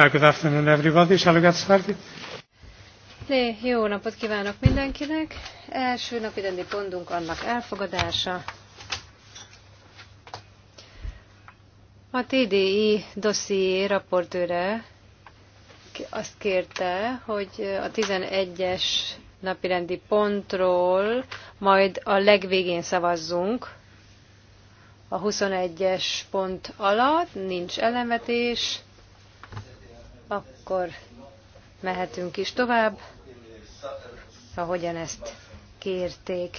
Uh, good afternoon everybody. Shall we get started? Né, jó napot kívánok mindenkinek. Első napi rendi pontunk annak elfogadása. A TDI dosszié raportőre azt kérte, hogy a 11-es napirendi pontról majd a legvégén szavazzunk. A 21-es pont alatt nincs ellenvetés, akkor mehetünk is tovább, ahogyan ezt kérték.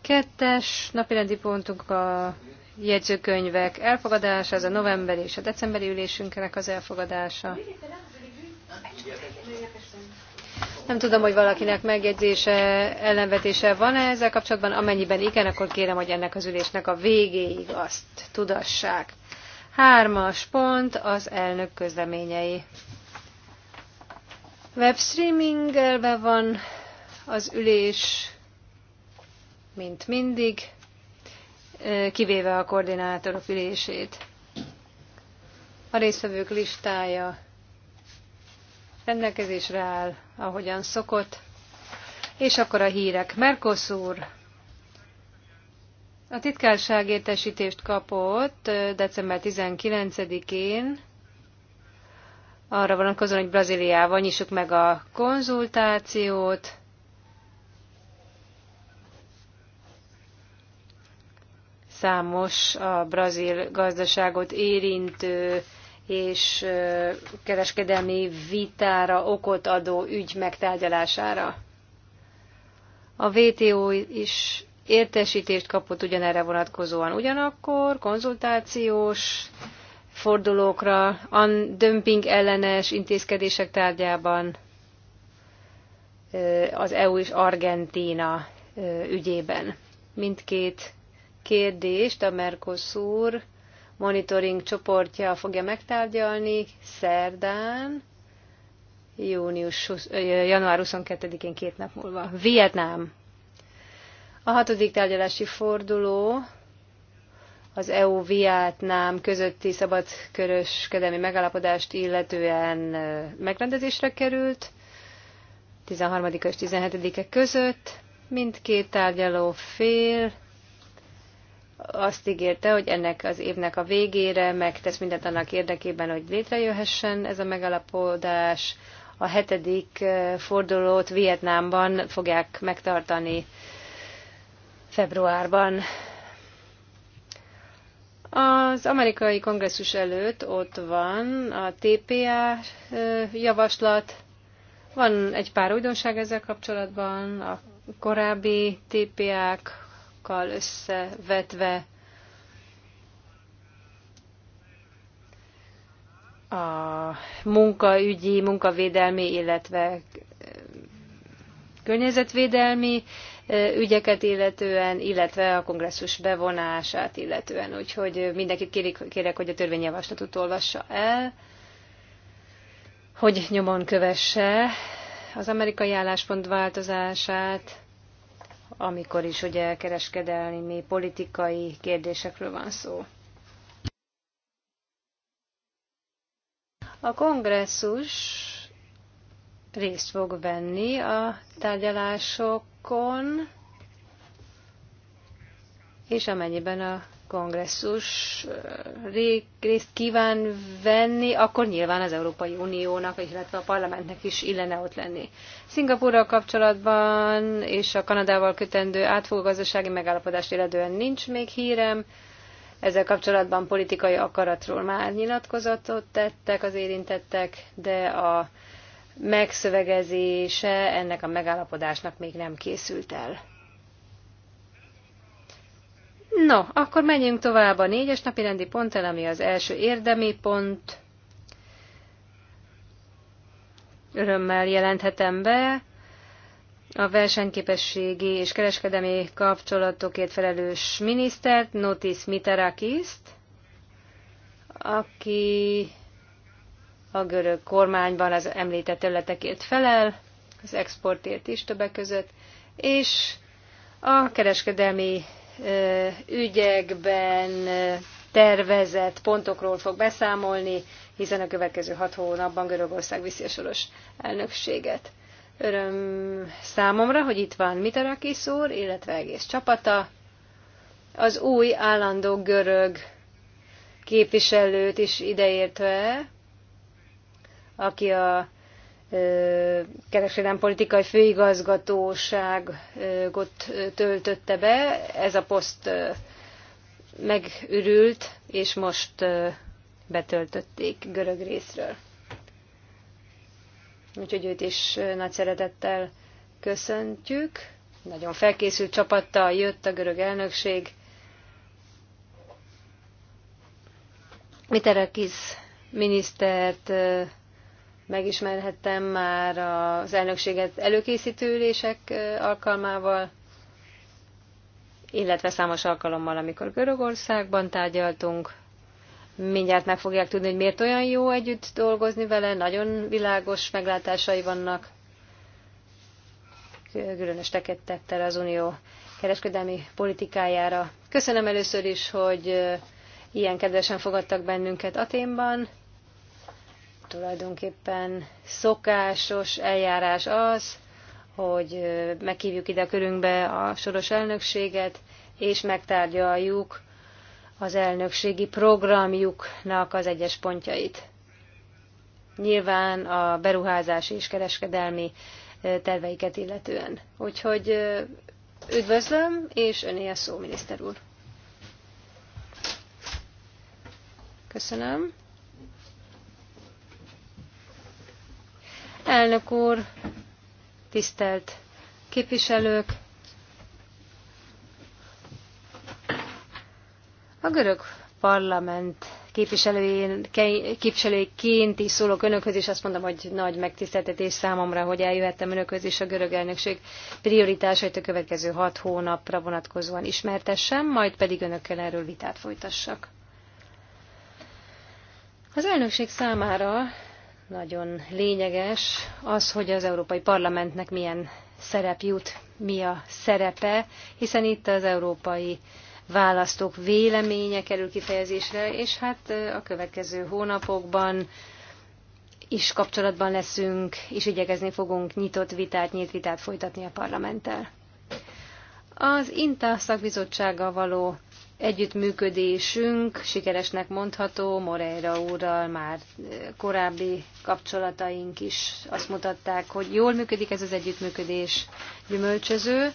Kettes napirendi pontunk a jegyzőkönyvek elfogadása, ez a november és a decemberi ülésünknek az elfogadása. Nem tudom, hogy valakinek megjegyzése, ellenvetése van-e ezzel kapcsolatban. Amennyiben igen, akkor kérem, hogy ennek az ülésnek a végéig azt tudassák. Hármas pont az elnök közleményei. Webstreamingelve van az ülés, mint mindig, kivéve a koordinátorok ülését. A részvevők listája rendelkezésre áll, ahogyan szokott. És akkor a hírek. Mercosur a titkárság értesítést kapott december 19-én arra vonatkozóan, hogy Brazíliával nyissuk meg a konzultációt. Számos a brazil gazdaságot érintő és kereskedelmi vitára okot adó ügy megtárgyalására. A WTO is értesítést kapott ugyanerre vonatkozóan. Ugyanakkor konzultációs fordulókra, a dömping ellenes intézkedések tárgyában az EU és Argentína ügyében. Mindkét kérdést a Mercosur monitoring csoportja fogja megtárgyalni szerdán, június, január 22-én két nap múlva. Vietnám a hatodik tárgyalási forduló az EU-Vietnám közötti szabadköröskedelmi megállapodást illetően megrendezésre került, 13 és 17 -e között. Mindkét tárgyaló fél azt ígérte, hogy ennek az évnek a végére megtesz mindent annak érdekében, hogy létrejöhessen ez a megalapodás. A hetedik fordulót Vietnámban fogják megtartani februárban. Az amerikai kongresszus előtt ott van a TPA javaslat, van egy pár újdonság ezzel kapcsolatban, a korábbi TPA-kkal összevetve a munkaügyi, munkavédelmi, illetve környezetvédelmi ügyeket illetően, illetve a kongresszus bevonását illetően. Úgyhogy mindenkit kérik, kérek, hogy a törvényjavaslatot olvassa el, hogy nyomon kövesse az amerikai álláspont változását, amikor is ugye kereskedelmi, politikai kérdésekről van szó. A kongresszus részt fog venni a tárgyalásokon, és amennyiben a kongresszus részt kíván venni, akkor nyilván az Európai Uniónak, illetve a parlamentnek is illene ott lenni. Szingapúrral kapcsolatban és a Kanadával kötendő átfogó gazdasági megállapodást illetően nincs még hírem. Ezzel kapcsolatban politikai akaratról már nyilatkozatot tettek az érintettek, de a megszövegezése ennek a megállapodásnak még nem készült el. No, akkor menjünk tovább a négyes napi rendi el ami az első érdemi pont. Örömmel jelenthetem be a versenyképességi és kereskedemi kapcsolatokért felelős minisztert, Notis Mitarakiszt, aki a görög kormányban az említett területekért felel, az exportért is többek között, és a kereskedelmi ügyekben tervezett pontokról fog beszámolni, hiszen a következő hat hónapban Görögország viszi a soros elnökséget. Öröm számomra, hogy itt van Mitarakis úr, illetve egész csapata, az új állandó görög képviselőt is ideértve, aki a kereskedelmi politikai főigazgatóságot töltötte be. Ez a poszt megürült, és most betöltötték görög részről. Úgyhogy őt is nagy szeretettel köszöntjük. Nagyon felkészült csapattal jött a görög elnökség. Miterakis minisztert megismerhettem már az elnökséget előkészítő ülések alkalmával, illetve számos alkalommal, amikor Görögországban tárgyaltunk. Mindjárt meg fogják tudni, hogy miért olyan jó együtt dolgozni vele, nagyon világos meglátásai vannak, különös el az unió kereskedelmi politikájára. Köszönöm először is, hogy ilyen kedvesen fogadtak bennünket Aténban Tulajdonképpen szokásos eljárás az, hogy meghívjuk ide a körünkbe a soros elnökséget, és megtárgyaljuk az elnökségi programjuknak az egyes pontjait. Nyilván a beruházási és kereskedelmi terveiket illetően. Úgyhogy üdvözlöm, és öné a szó, miniszter úr. Köszönöm. Elnök úr, tisztelt képviselők! A görög parlament képviselőiként is szólok önökhöz, és azt mondom, hogy nagy megtiszteltetés számomra, hogy eljöhettem önökhöz, és a görög elnökség prioritásait a következő hat hónapra vonatkozóan ismertessem, majd pedig önökkel erről vitát folytassak. Az elnökség számára nagyon lényeges az, hogy az Európai Parlamentnek milyen szerep jut, mi a szerepe, hiszen itt az európai választók véleménye kerül kifejezésre, és hát a következő hónapokban is kapcsolatban leszünk, és igyekezni fogunk nyitott vitát, nyílt vitát folytatni a parlamenttel. Az INTA szakbizottsággal való Együttműködésünk sikeresnek mondható, Moreira úrral már eh, korábbi kapcsolataink is azt mutatták, hogy jól működik ez az együttműködés, gyümölcsöző.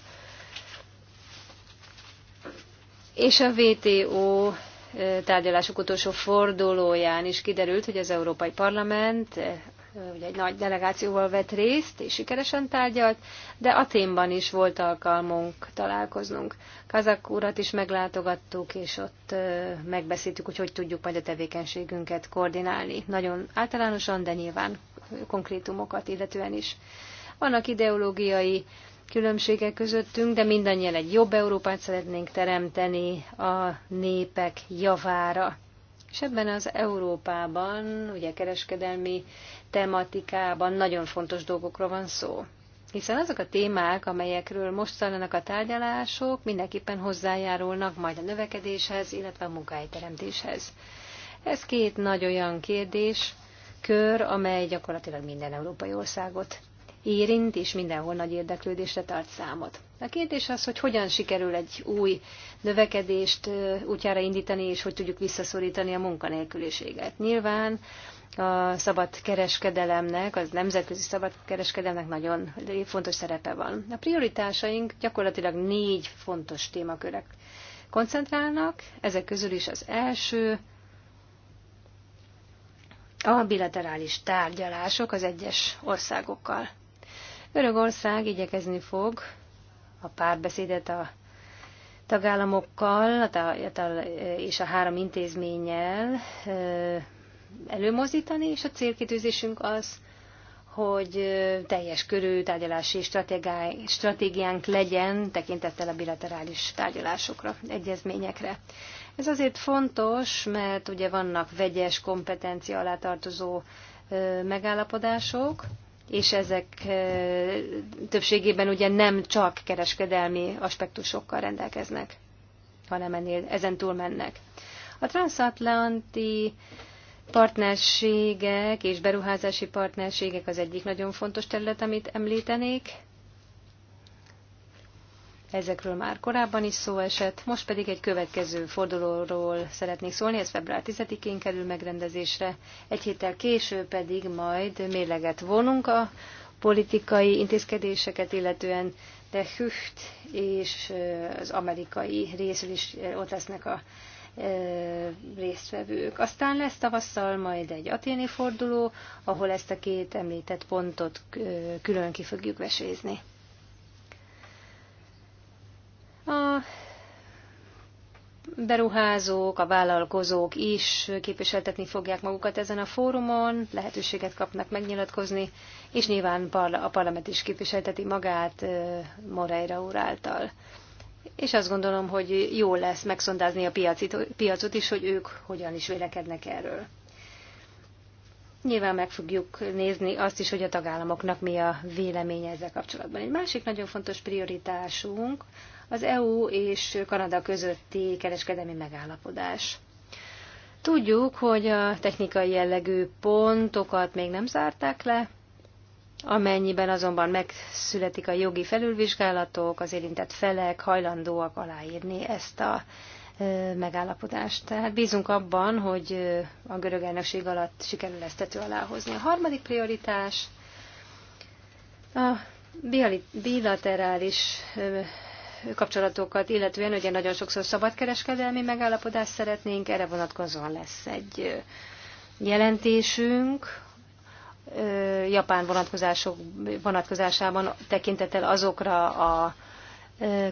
És a VTO eh, tárgyalások utolsó fordulóján is kiderült, hogy az Európai Parlament eh, ugye egy nagy delegációval vett részt, és sikeresen tárgyalt, de Aténban is volt alkalmunk találkoznunk. Kazak urat is meglátogattuk, és ott megbeszéltük, hogy hogy tudjuk majd a tevékenységünket koordinálni. Nagyon általánosan, de nyilván konkrétumokat illetően is. Vannak ideológiai különbségek közöttünk, de mindannyian egy jobb Európát szeretnénk teremteni a népek javára és ebben az Európában, ugye kereskedelmi tematikában nagyon fontos dolgokról van szó. Hiszen azok a témák, amelyekről most zajlanak a tárgyalások, mindenképpen hozzájárulnak majd a növekedéshez, illetve a munkahelyteremtéshez. Ez két nagy olyan kérdés, kör, amely gyakorlatilag minden európai országot érint, és mindenhol nagy érdeklődésre tart számot. A kérdés az, hogy hogyan sikerül egy új növekedést útjára indítani, és hogy tudjuk visszaszorítani a munkanélküliséget. Nyilván a szabad kereskedelemnek, az nemzetközi szabad kereskedelemnek nagyon fontos szerepe van. A prioritásaink gyakorlatilag négy fontos témakörek koncentrálnak, ezek közül is az első a bilaterális tárgyalások az egyes országokkal. Görögország igyekezni fog a párbeszédet a tagállamokkal a és a három intézménnyel előmozdítani, és a célkitűzésünk az, hogy teljes körű tárgyalási stratégiánk legyen tekintettel a bilaterális tárgyalásokra, egyezményekre. Ez azért fontos, mert ugye vannak vegyes kompetencia alá tartozó megállapodások, és ezek többségében ugye nem csak kereskedelmi aspektusokkal rendelkeznek, hanem ennél ezen túl mennek. A transatlanti partnerségek és beruházási partnerségek az egyik nagyon fontos terület, amit említenék. Ezekről már korábban is szó esett, most pedig egy következő fordulóról szeretnék szólni, ez február 10-én kerül megrendezésre, egy héttel később pedig majd mérleget vonunk a politikai intézkedéseket, illetően de Hücht és az amerikai részről is ott lesznek a résztvevők. Aztán lesz tavasszal majd egy aténi forduló, ahol ezt a két említett pontot külön ki fogjuk vesézni. A beruházók, a vállalkozók is képviseltetni fogják magukat ezen a fórumon, lehetőséget kapnak megnyilatkozni, és nyilván a parlament is képviselteti magát Moreira úr által. És azt gondolom, hogy jó lesz megszondázni a piacit, piacot is, hogy ők hogyan is vélekednek erről. Nyilván meg fogjuk nézni azt is, hogy a tagállamoknak mi a véleménye ezzel kapcsolatban. Egy másik nagyon fontos prioritásunk az EU és Kanada közötti kereskedelmi megállapodás. Tudjuk, hogy a technikai jellegű pontokat még nem zárták le, amennyiben azonban megszületik a jogi felülvizsgálatok, az érintett felek hajlandóak aláírni ezt a megállapodást. Tehát bízunk abban, hogy a görög elnökség alatt sikerül ezt tető alá hozni. A harmadik prioritás a bilaterális kapcsolatokat, illetően ugye nagyon sokszor szabadkereskedelmi megállapodást szeretnénk, erre vonatkozóan lesz egy jelentésünk, Japán vonatkozások, vonatkozásában tekintettel azokra a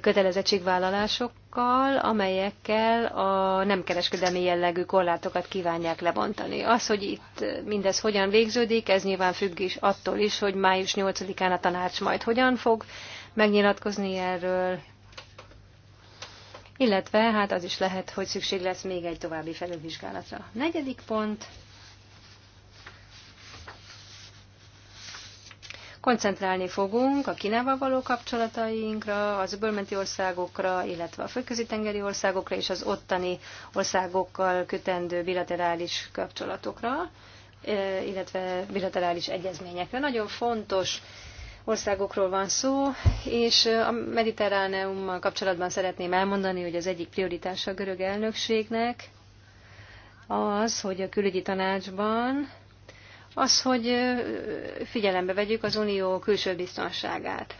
kötelezettségvállalásokkal, amelyekkel a nem kereskedelmi jellegű korlátokat kívánják lebontani. Az, hogy itt mindez hogyan végződik, ez nyilván függ is attól is, hogy május 8-án a tanács majd hogyan fog megnyilatkozni erről, illetve hát az is lehet, hogy szükség lesz még egy további felülvizsgálatra. Negyedik pont. Koncentrálni fogunk a Kínával való kapcsolatainkra, az öbölmenti országokra, illetve a földközi-tengeri országokra és az ottani országokkal kötendő bilaterális kapcsolatokra, eh, illetve bilaterális egyezményekre. Nagyon fontos országokról van szó, és a mediterráneummal kapcsolatban szeretném elmondani, hogy az egyik prioritása a görög elnökségnek az, hogy a külügyi tanácsban az, hogy figyelembe vegyük az unió külső biztonságát.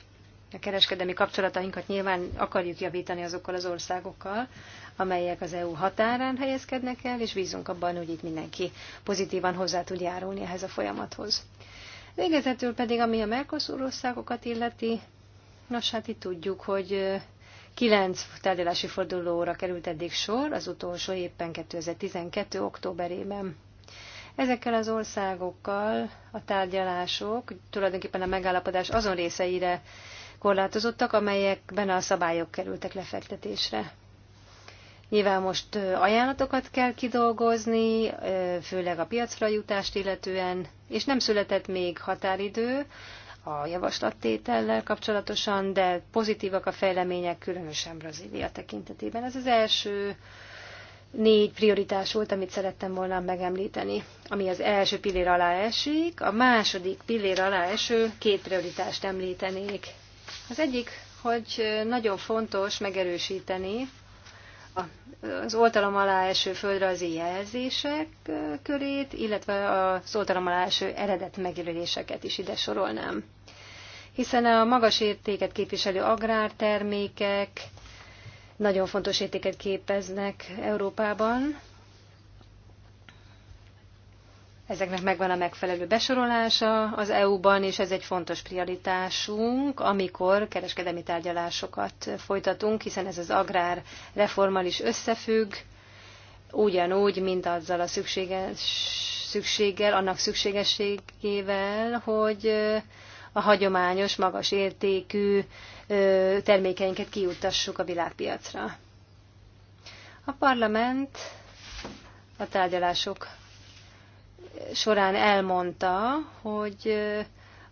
A kereskedelmi kapcsolatainkat nyilván akarjuk javítani azokkal az országokkal, amelyek az EU határán helyezkednek el, és bízunk abban, hogy itt mindenki pozitívan hozzá tud járulni ehhez a folyamathoz. Végezetül pedig, ami a Mercosur országokat illeti, nos hát itt tudjuk, hogy kilenc tárgyalási fordulóra került eddig sor, az utolsó éppen 2012. októberében. Ezekkel az országokkal a tárgyalások tulajdonképpen a megállapodás azon részeire korlátozottak, amelyekben a szabályok kerültek lefektetésre. Nyilván most ajánlatokat kell kidolgozni, főleg a piacra jutást illetően, és nem született még határidő a javaslattétellel kapcsolatosan, de pozitívak a fejlemények, különösen Brazília tekintetében. Ez az első négy prioritás volt, amit szerettem volna megemlíteni, ami az első pillér alá esik. A második pillér alá eső két prioritást említenék. Az egyik, hogy nagyon fontos megerősíteni az oltalom alá eső földrajzi jelzések körét, illetve az oltalom alá eső eredet megjelöléseket is ide sorolnám. Hiszen a magas értéket képviselő agrártermékek nagyon fontos értéket képeznek Európában, Ezeknek megvan a megfelelő besorolása az EU-ban, és ez egy fontos prioritásunk, amikor kereskedemi tárgyalásokat folytatunk, hiszen ez az agrár reformal is összefügg, ugyanúgy, mint azzal a szükséges, szükséggel, annak szükségességével, hogy a hagyományos, magas értékű termékeinket kiutassuk a világpiacra. A parlament a tárgyalások során elmondta, hogy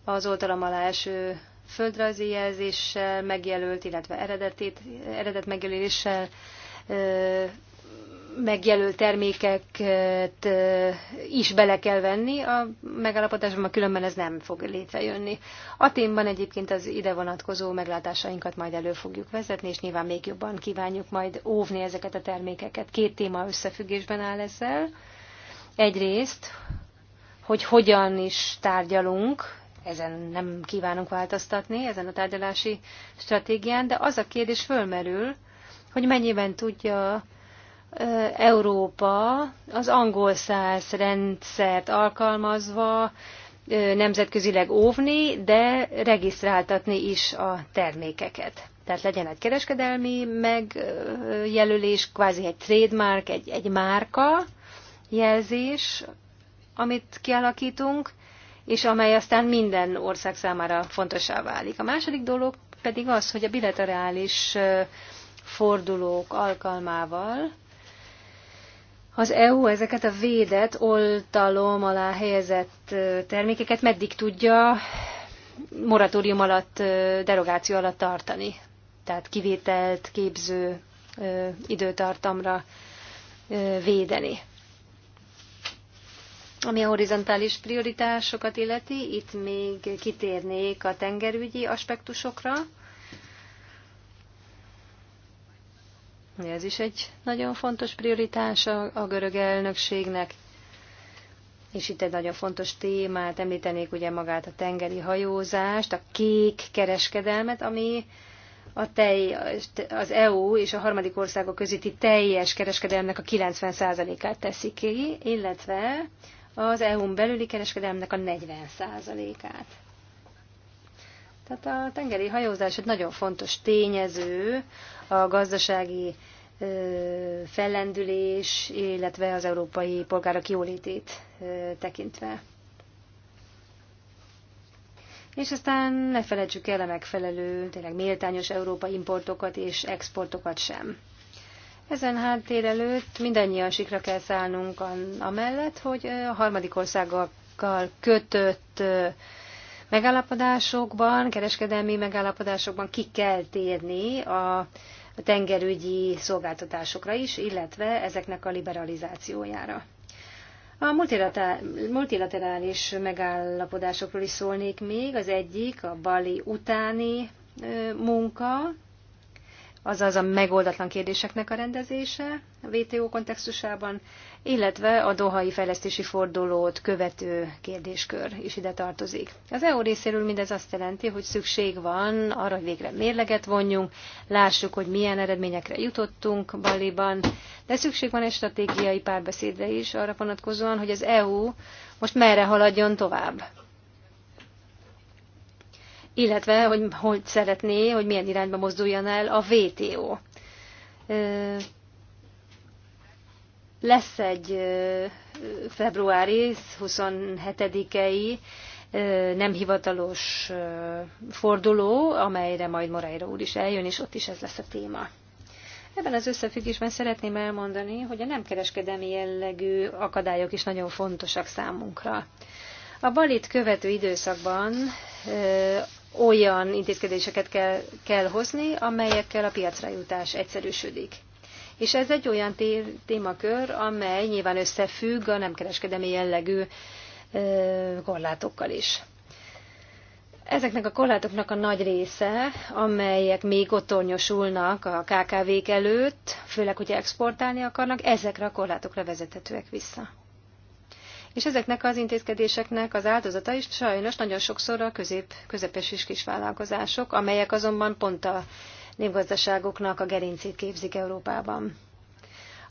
az oltalom alá első földrajzi jelzéssel megjelölt, illetve eredetét, eredet megjelöléssel megjelölt termékeket is bele kell venni a megállapodásban, különben ez nem fog létrejönni. A témban egyébként az ide vonatkozó meglátásainkat majd elő fogjuk vezetni, és nyilván még jobban kívánjuk majd óvni ezeket a termékeket. Két téma összefüggésben áll ezzel. Egyrészt, hogy hogyan is tárgyalunk, ezen nem kívánunk változtatni, ezen a tárgyalási stratégián, de az a kérdés fölmerül, hogy mennyiben tudja Európa az angol száz rendszert alkalmazva nemzetközileg óvni, de regisztráltatni is a termékeket. Tehát legyen egy kereskedelmi megjelölés, kvázi egy trademark, egy, egy márka, jelzés, amit kialakítunk, és amely aztán minden ország számára fontosá válik. A második dolog pedig az, hogy a bilaterális fordulók alkalmával az EU ezeket a védett oltalom alá helyezett termékeket meddig tudja moratórium alatt, derogáció alatt tartani. Tehát kivételt képző időtartamra védeni. Ami a horizontális prioritásokat illeti, itt még kitérnék a tengerügyi aspektusokra. Ez is egy nagyon fontos prioritás a görög elnökségnek. És itt egy nagyon fontos témát említenék ugye magát a tengeri hajózást, a kék kereskedelmet, ami a tej, az EU és a harmadik országok közötti teljes kereskedelmnek a 90%-át teszik ki, illetve az EU-n belüli kereskedelemnek a 40%-át. Tehát a tengeri hajózás egy nagyon fontos tényező a gazdasági fellendülés, illetve az európai polgárok jólétét tekintve. És aztán ne felejtsük el a megfelelő, tényleg méltányos európai importokat és exportokat sem. Ezen háttér előtt mindannyian sikra kell szállnunk amellett, hogy a harmadik országokkal kötött megállapodásokban, kereskedelmi megállapodásokban ki kell térni a tengerügyi szolgáltatásokra is, illetve ezeknek a liberalizációjára. A multilaterális megállapodásokról is szólnék még. Az egyik a Bali utáni munka, azaz a megoldatlan kérdéseknek a rendezése a WTO kontextusában, illetve a Dohai fejlesztési fordulót követő kérdéskör is ide tartozik. Az EU részéről mindez azt jelenti, hogy szükség van arra, hogy végre mérleget vonjunk, lássuk, hogy milyen eredményekre jutottunk Baliban, de szükség van egy stratégiai párbeszédre is arra vonatkozóan, hogy az EU most merre haladjon tovább illetve hogy hogy szeretné, hogy milyen irányba mozduljon el a VTO. Lesz egy februári 27-i nem hivatalos forduló, amelyre majd morajra úr is eljön, és ott is ez lesz a téma. Ebben az összefüggésben szeretném elmondani, hogy a nem kereskedelmi jellegű akadályok is nagyon fontosak számunkra. A balit követő időszakban olyan intézkedéseket kell, kell hozni, amelyekkel a piacra jutás egyszerűsödik. És ez egy olyan témakör, amely nyilván összefügg a nem kereskedemi jellegű korlátokkal is. Ezeknek a korlátoknak a nagy része, amelyek még otthonyosulnak a KKV-k előtt, főleg, hogyha exportálni akarnak, ezekre a korlátokra vezethetőek vissza és ezeknek az intézkedéseknek az áldozata is sajnos nagyon sokszor a közép, közepes és kisvállalkozások, amelyek azonban pont a népgazdaságoknak a gerincét képzik Európában.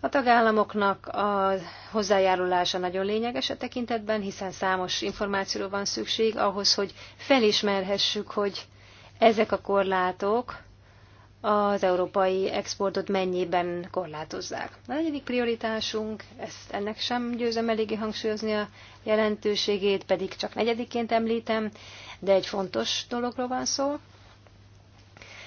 A tagállamoknak a hozzájárulása nagyon lényeges a tekintetben, hiszen számos információra van szükség ahhoz, hogy felismerhessük, hogy ezek a korlátok az európai exportot mennyiben korlátozzák. A negyedik prioritásunk, ezt ennek sem győzem eléggé hangsúlyozni a jelentőségét, pedig csak negyediként említem, de egy fontos dologról van szó.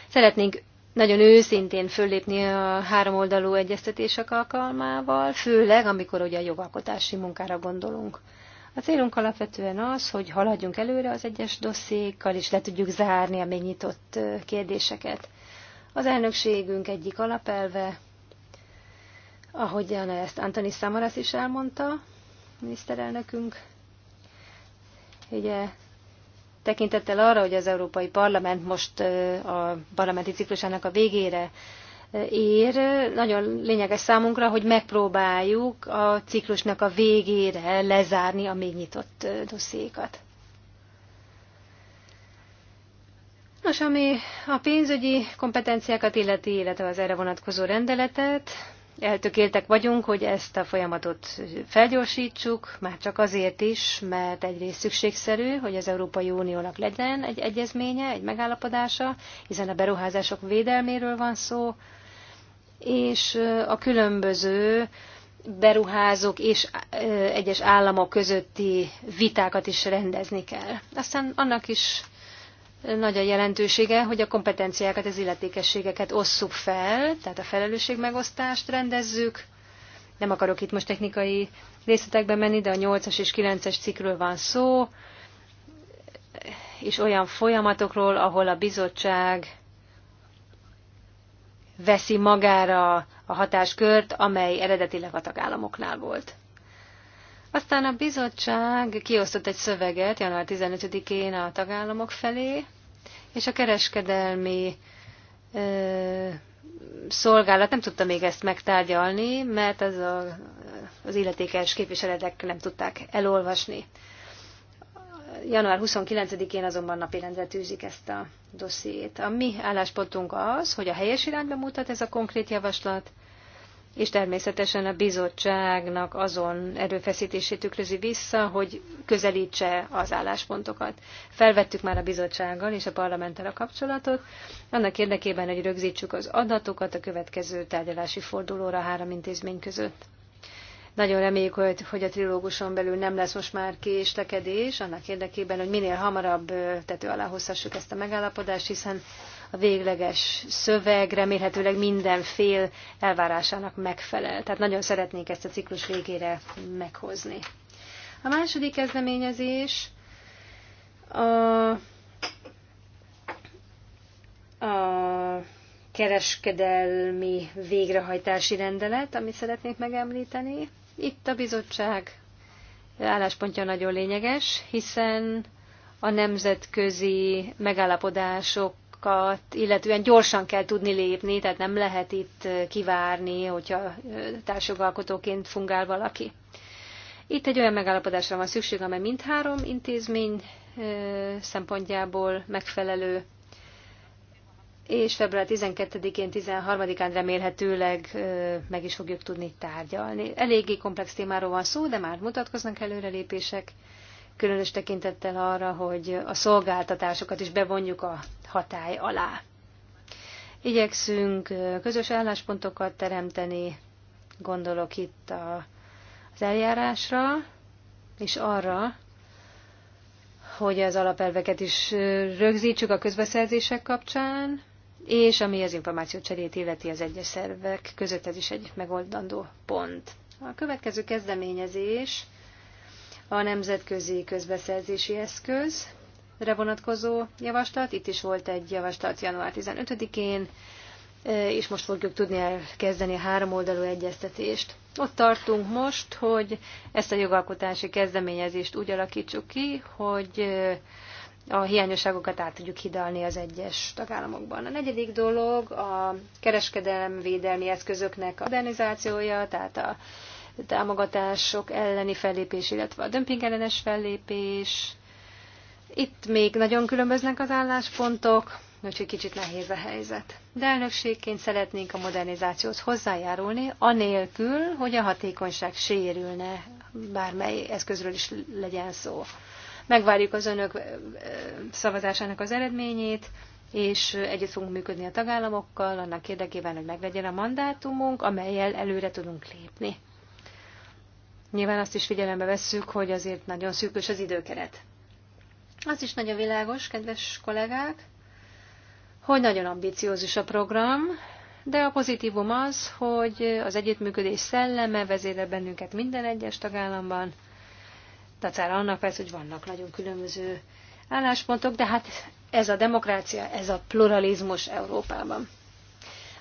Szeretnénk nagyon őszintén föllépni a háromoldalú egyeztetések alkalmával, főleg amikor ugye a jogalkotási munkára gondolunk. A célunk alapvetően az, hogy haladjunk előre az egyes dosszékkal, és le tudjuk zárni a még nyitott kérdéseket. Az elnökségünk egyik alapelve, ahogyan ezt Antoni Samaras is elmondta, miniszterelnökünk, ugye tekintettel arra, hogy az Európai Parlament most a parlamenti ciklusának a végére ér, nagyon lényeges számunkra, hogy megpróbáljuk a ciklusnak a végére lezárni a még nyitott dossziékat. Nos, ami a pénzügyi kompetenciákat illeti, illetve az erre vonatkozó rendeletet, eltökéltek vagyunk, hogy ezt a folyamatot felgyorsítsuk, már csak azért is, mert egyrészt szükségszerű, hogy az Európai Uniónak legyen egy egyezménye, egy megállapodása, hiszen a beruházások védelméről van szó, és a különböző beruházók és egyes államok közötti vitákat is rendezni kell. Aztán annak is nagy a jelentősége, hogy a kompetenciákat, az illetékességeket osszuk fel, tehát a felelősségmegosztást rendezzük. Nem akarok itt most technikai részletekbe menni, de a 8-as és 9-es cikkről van szó, és olyan folyamatokról, ahol a bizottság veszi magára a hatáskört, amely eredetileg a tagállamoknál volt. Aztán a bizottság kiosztott egy szöveget január 15-én a tagállamok felé, és a kereskedelmi ö, szolgálat nem tudta még ezt megtárgyalni, mert az, a, az illetékes képviseletek nem tudták elolvasni. Január 29-én azonban napirendre tűzik ezt a dossziét. A mi álláspontunk az, hogy a helyes irányba mutat ez a konkrét javaslat, és természetesen a bizottságnak azon erőfeszítését tükrözi vissza, hogy közelítse az álláspontokat. Felvettük már a bizottsággal és a parlamenttel a kapcsolatot, annak érdekében, hogy rögzítsük az adatokat a következő tárgyalási fordulóra három intézmény között. Nagyon reméljük, hogy, hogy a trilóguson belül nem lesz most már késlekedés, annak érdekében, hogy minél hamarabb tető alá hozhassuk ezt a megállapodást, hiszen a végleges szöveg remélhetőleg minden fél elvárásának megfelel. Tehát nagyon szeretnék ezt a ciklus végére meghozni. A második kezdeményezés a, a kereskedelmi végrehajtási rendelet, amit szeretnék megemlíteni. Itt a bizottság álláspontja nagyon lényeges, hiszen a nemzetközi megállapodások szabályokat, illetően gyorsan kell tudni lépni, tehát nem lehet itt kivárni, hogyha társjogalkotóként fungál valaki. Itt egy olyan megállapodásra van szükség, amely mindhárom intézmény szempontjából megfelelő, és február 12-én, 13-án remélhetőleg meg is fogjuk tudni tárgyalni. Eléggé komplex témáról van szó, de már mutatkoznak előrelépések különös tekintettel arra, hogy a szolgáltatásokat is bevonjuk a hatály alá. Igyekszünk közös álláspontokat teremteni, gondolok itt a, az eljárásra, és arra, hogy az alapelveket is rögzítsük a közbeszerzések kapcsán, és ami az információ cserét illeti az egyes szervek között, ez is egy megoldandó pont. A következő kezdeményezés a nemzetközi közbeszerzési eszközre vonatkozó javaslat. Itt is volt egy javaslat január 15-én, e, és most fogjuk tudni elkezdeni a háromoldalú egyeztetést. Ott tartunk most, hogy ezt a jogalkotási kezdeményezést úgy alakítsuk ki, hogy e, a hiányosságokat át tudjuk hidalni az egyes tagállamokban. A negyedik dolog a kereskedelem védelmi eszközöknek a modernizációja, tehát a támogatások elleni fellépés, illetve a dömping ellenes fellépés. Itt még nagyon különböznek az álláspontok, úgyhogy kicsit nehéz a helyzet. De elnökségként szeretnénk a modernizációhoz hozzájárulni, anélkül, hogy a hatékonyság sérülne, bármely eszközről is legyen szó. Megvárjuk az önök szavazásának az eredményét, és együtt fogunk működni a tagállamokkal, annak érdekében, hogy meglegyen a mandátumunk, amelyel előre tudunk lépni. Nyilván azt is figyelembe vesszük, hogy azért nagyon szűkös az időkeret. Az is nagyon világos, kedves kollégák, hogy nagyon ambiciózus a program, de a pozitívum az, hogy az együttműködés szelleme vezérel bennünket minden egyes tagállamban. Tacára annak persze, hogy vannak nagyon különböző álláspontok, de hát ez a demokrácia, ez a pluralizmus Európában.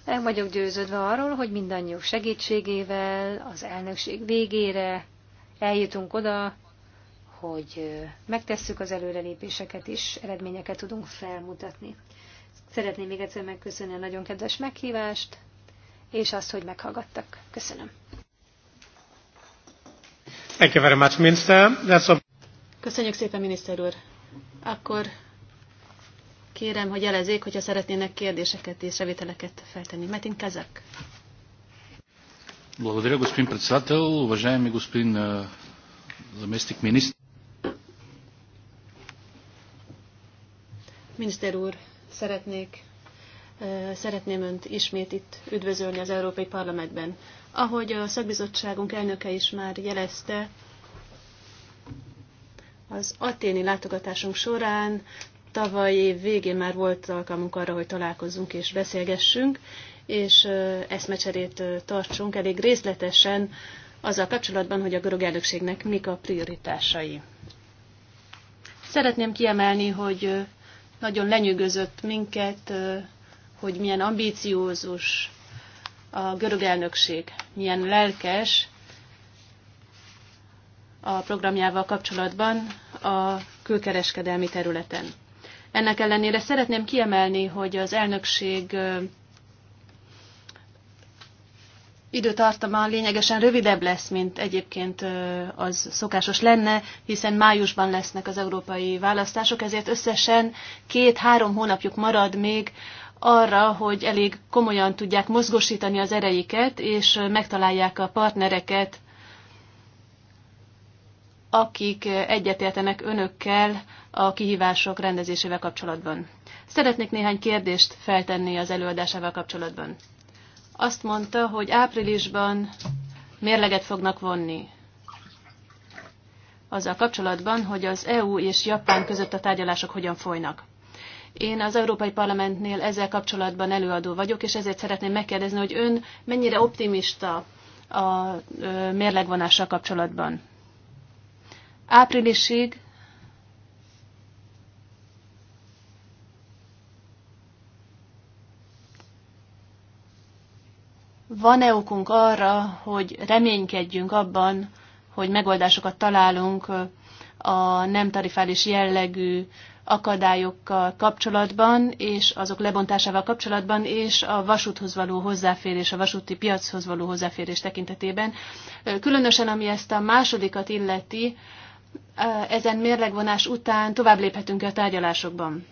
Meg vagyok győződve arról, hogy mindannyiuk segítségével az elnökség végére eljutunk oda, hogy megtesszük az előrelépéseket is, eredményeket tudunk felmutatni. Szeretném még egyszer megköszönni a nagyon kedves meghívást, és azt, hogy meghallgattak. Köszönöm. Thank you very much, Minister. That's a... Köszönjük szépen, miniszter úr. Akkor Kérem, hogy jelezzék, hogyha szeretnének kérdéseket és revételeket feltenni. Metin Kazak. Благодаря, господин председател. Уважаеми господин заместник министр. Miniszter úr, szeretnék, szeretném Önt ismét itt üdvözölni az Európai Parlamentben. Ahogy a szakbizottságunk elnöke is már jelezte, az aténi látogatásunk során tavaly év végén már volt alkalmunk arra, hogy találkozzunk és beszélgessünk, és eszmecserét tartsunk elég részletesen azzal kapcsolatban, hogy a görög elnökségnek mik a prioritásai. Szeretném kiemelni, hogy nagyon lenyűgözött minket, hogy milyen ambíciózus a görög elnökség, milyen lelkes a programjával kapcsolatban a külkereskedelmi területen. Ennek ellenére szeretném kiemelni, hogy az elnökség időtartama lényegesen rövidebb lesz, mint egyébként az szokásos lenne, hiszen májusban lesznek az európai választások, ezért összesen két-három hónapjuk marad még arra, hogy elég komolyan tudják mozgósítani az erejüket, és megtalálják a partnereket akik egyetértenek önökkel a kihívások rendezésével kapcsolatban. Szeretnék néhány kérdést feltenni az előadásával kapcsolatban. Azt mondta, hogy áprilisban mérleget fognak vonni azzal kapcsolatban, hogy az EU és Japán között a tárgyalások hogyan folynak. Én az Európai Parlamentnél ezzel kapcsolatban előadó vagyok, és ezért szeretném megkérdezni, hogy ön mennyire optimista a mérlegvonással kapcsolatban áprilisig van-e okunk arra, hogy reménykedjünk abban, hogy megoldásokat találunk a nem tarifális jellegű akadályokkal kapcsolatban, és azok lebontásával kapcsolatban, és a vasúthoz való hozzáférés, a vasúti piachoz való hozzáférés tekintetében. Különösen, ami ezt a másodikat illeti, ezen mérlegvonás után tovább léphetünk a tárgyalásokban.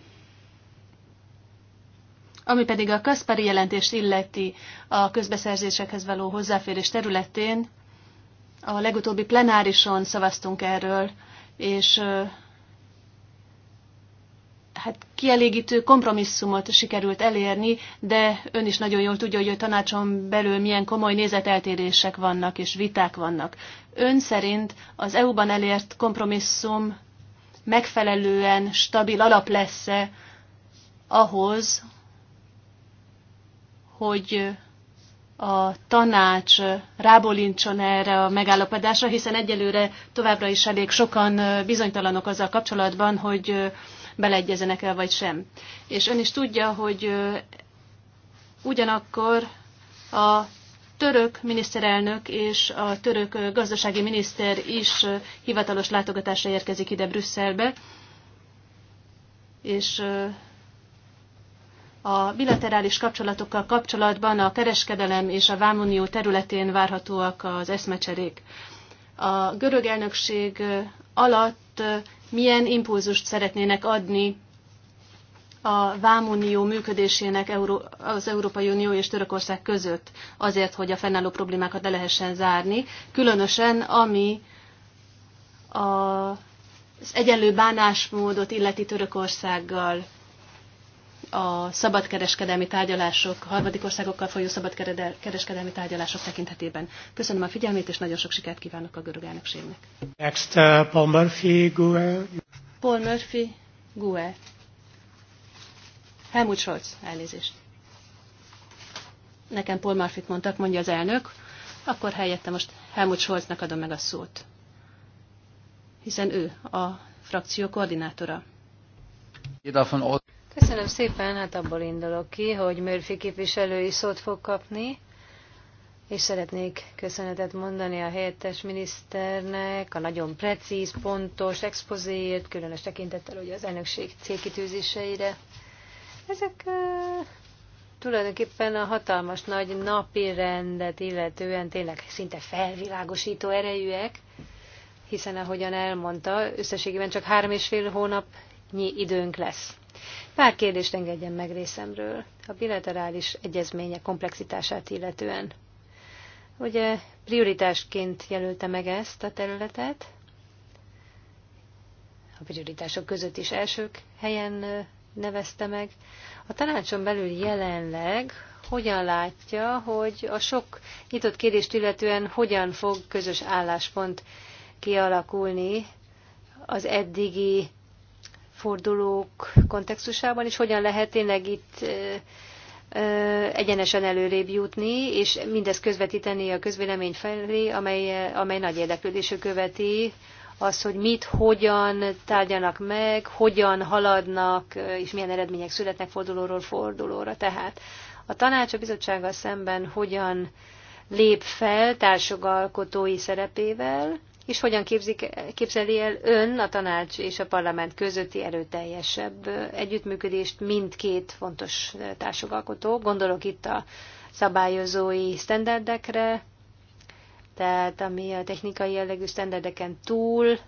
Ami pedig a Kaspari jelentést illeti a közbeszerzésekhez való hozzáférés területén, a legutóbbi plenárison szavaztunk erről, és hát kielégítő kompromisszumot sikerült elérni, de ön is nagyon jól tudja, hogy a tanácson belül milyen komoly nézeteltérések vannak és viták vannak. Ön szerint az EU-ban elért kompromisszum megfelelően stabil alap lesz-e ahhoz, hogy a tanács rábolincson erre a megállapodásra, hiszen egyelőre továbbra is elég sokan bizonytalanok azzal kapcsolatban, hogy beleegyezenek el, vagy sem. És ön is tudja, hogy ugyanakkor a török miniszterelnök és a török gazdasági miniszter is hivatalos látogatásra érkezik ide Brüsszelbe, és a bilaterális kapcsolatokkal kapcsolatban a kereskedelem és a vámunió területén várhatóak az eszmecserék. A görög elnökség alatt milyen impulzust szeretnének adni a Vámunió működésének az Európai Unió és Törökország között azért, hogy a fennálló problémákat le lehessen zárni, különösen ami az egyenlő bánásmódot illeti Törökországgal a szabadkereskedelmi tárgyalások, harmadik országokkal folyó szabadkereskedelmi tárgyalások tekintetében. Köszönöm a figyelmét, és nagyon sok sikert kívánok a görög elnökségnek. Next, uh, Paul Murphy, Gue. Paul Murphy, Gue. Helmut Scholz, elnézést. Nekem Paul Murphy-t mondtak, mondja az elnök. Akkor helyette most Helmut Scholznak adom meg a szót. Hiszen ő a frakció koordinátora. Jeder von Köszönöm szépen, hát abból indulok ki, hogy Murphy képviselő is szót fog kapni, és szeretnék köszönetet mondani a helyettes miniszternek a nagyon precíz, pontos expozéért, különös tekintettel ugye az elnökség célkitűzéseire. Ezek uh, tulajdonképpen a hatalmas nagy napi rendet illetően tényleg szinte felvilágosító erejűek, hiszen ahogyan elmondta, összességében csak három és fél hónapnyi időnk lesz Pár kérdést engedjen meg részemről a bilaterális egyezmények komplexitását illetően. Ugye prioritásként jelölte meg ezt a területet, a prioritások között is elsők helyen nevezte meg. A tanácson belül jelenleg hogyan látja, hogy a sok nyitott kérdést illetően hogyan fog közös álláspont kialakulni az eddigi fordulók kontextusában, és hogyan lehet tényleg itt egyenesen előrébb jutni, és mindezt közvetíteni a közvélemény felé, amely, amely nagy érdeklődésű követi az, hogy mit, hogyan tárgyanak meg, hogyan haladnak, és milyen eredmények születnek fordulóról fordulóra. Tehát a tanács a bizottsággal szemben hogyan lép fel társogalkotói szerepével, és hogyan képzik, képzeli el ön a tanács és a parlament közötti erőteljesebb együttműködést mindkét fontos társjogalkotó? Gondolok itt a szabályozói sztenderdekre, tehát ami a technikai jellegű sztenderdeken túl,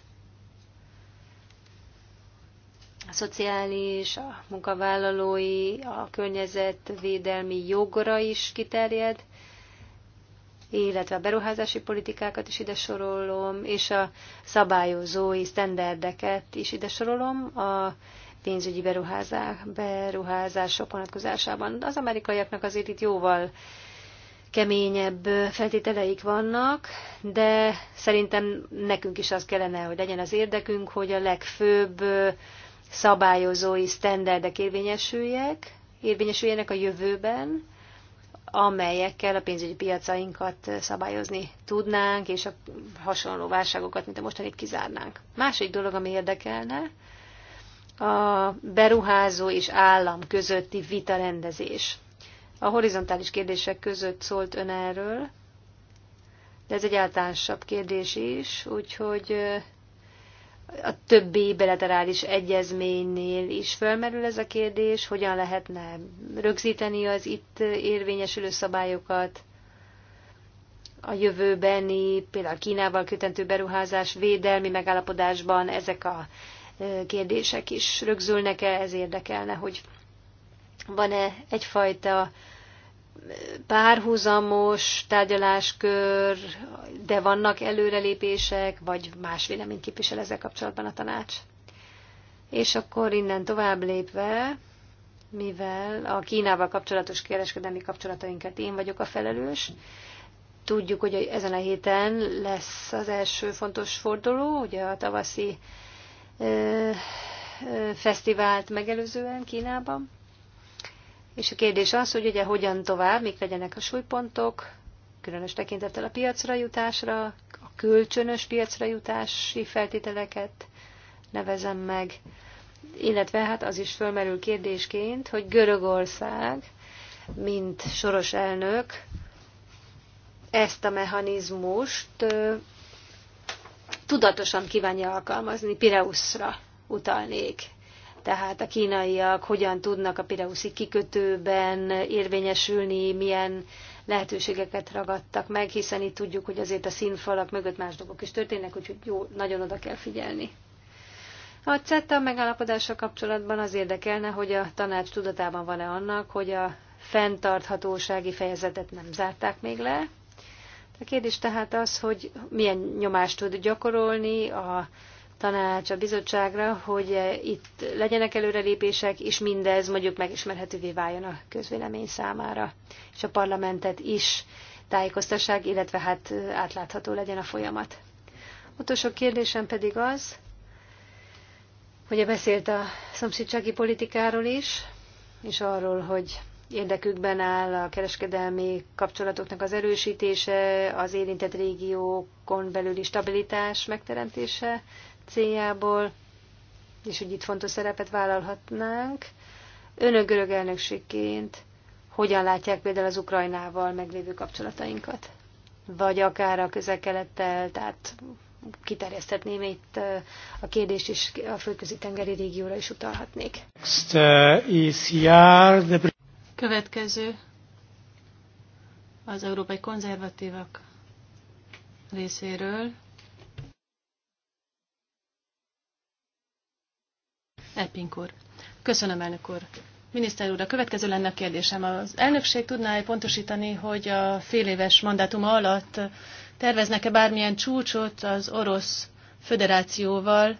a szociális, a munkavállalói, a környezetvédelmi jogra is kiterjed, illetve a beruházási politikákat is ide sorolom, és a szabályozói sztenderdeket is ide sorolom a pénzügyi beruházás, beruházások vonatkozásában. Az amerikaiaknak azért itt jóval keményebb feltételeik vannak, de szerintem nekünk is az kellene, hogy legyen az érdekünk, hogy a legfőbb szabályozói sztenderdek érvényesüljek, érvényesüljenek a jövőben, amelyekkel a pénzügyi piacainkat szabályozni tudnánk, és a hasonló válságokat, mint a mostanit kizárnánk. Másik dolog, ami érdekelne, a beruházó és állam közötti vitarendezés. A horizontális kérdések között szólt ön erről, de ez egy általánosabb kérdés is, úgyhogy a többi bilaterális egyezménynél is fölmerül ez a kérdés, hogyan lehetne rögzíteni az itt érvényesülő szabályokat, a jövőbeni, például Kínával kötentő beruházás védelmi megállapodásban ezek a e, kérdések is rögzülnek-e, ez érdekelne, hogy van-e egyfajta párhuzamos tárgyaláskör, de vannak előrelépések, vagy más vélemény képvisel ezzel kapcsolatban a tanács? És akkor innen tovább lépve, mivel a Kínával kapcsolatos kereskedelmi kapcsolatainkat én vagyok a felelős, tudjuk, hogy ezen a héten lesz az első fontos forduló, ugye a tavaszi ö, ö, fesztivált megelőzően Kínában. És a kérdés az, hogy ugye hogyan tovább, mik legyenek a súlypontok, különös tekintettel a piacra jutásra, a kölcsönös piacra jutási feltételeket nevezem meg, illetve hát az is fölmerül kérdésként, hogy Görögország, mint soros elnök, ezt a mechanizmust tudatosan kívánja alkalmazni, Pireuszra utalnék. Tehát a kínaiak hogyan tudnak a Pireuszi kikötőben érvényesülni, milyen lehetőségeket ragadtak meg, hiszen itt tudjuk, hogy azért a színfalak mögött más dolgok is történnek, úgyhogy jó, nagyon oda kell figyelni. A CETA megállapodása kapcsolatban az érdekelne, hogy a tanács tudatában van-e annak, hogy a fenntarthatósági fejezetet nem zárták még le. A kérdés tehát az, hogy milyen nyomást tud gyakorolni a tanács a bizottságra, hogy eh, itt legyenek előrelépések, és mindez mondjuk megismerhetővé váljon a közvélemény számára, és a parlamentet is tájékoztassák, illetve hát eh, átlátható legyen a folyamat. Utolsó kérdésem pedig az, ugye beszélt a szomszédsági politikáról is, és arról, hogy érdekükben áll a kereskedelmi kapcsolatoknak az erősítése, az érintett régiókon belüli stabilitás megteremtése céljából, és hogy itt fontos szerepet vállalhatnánk. Önök görög elnökségként hogyan látják például az Ukrajnával meglévő kapcsolatainkat? Vagy akár a közel-kelettel, tehát kiterjesztetném itt a kérdést, és a földközi tengeri régióra is utalhatnék. Uh, Következő az európai konzervatívak részéről Epping úr. Köszönöm, elnök úr. Miniszter úr, a következő lenne a kérdésem. Az elnökség tudná-e pontosítani, hogy a éves mandátuma alatt terveznek-e bármilyen csúcsot az orosz föderációval,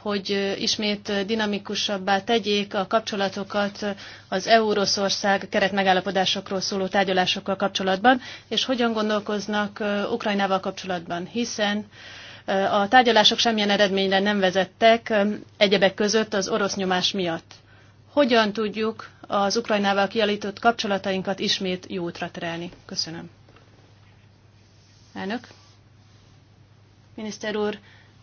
hogy ismét dinamikusabbá tegyék a kapcsolatokat az EU-Oroszország keretmegállapodásokról szóló tárgyalásokkal kapcsolatban, és hogyan gondolkoznak Ukrajnával kapcsolatban, hiszen a tárgyalások semmilyen eredményre nem vezettek, egyebek között az orosz nyomás miatt. Hogyan tudjuk az Ukrajnával kialított kapcsolatainkat ismét jó útra terelni? Köszönöm. Elnök? Miniszter úr,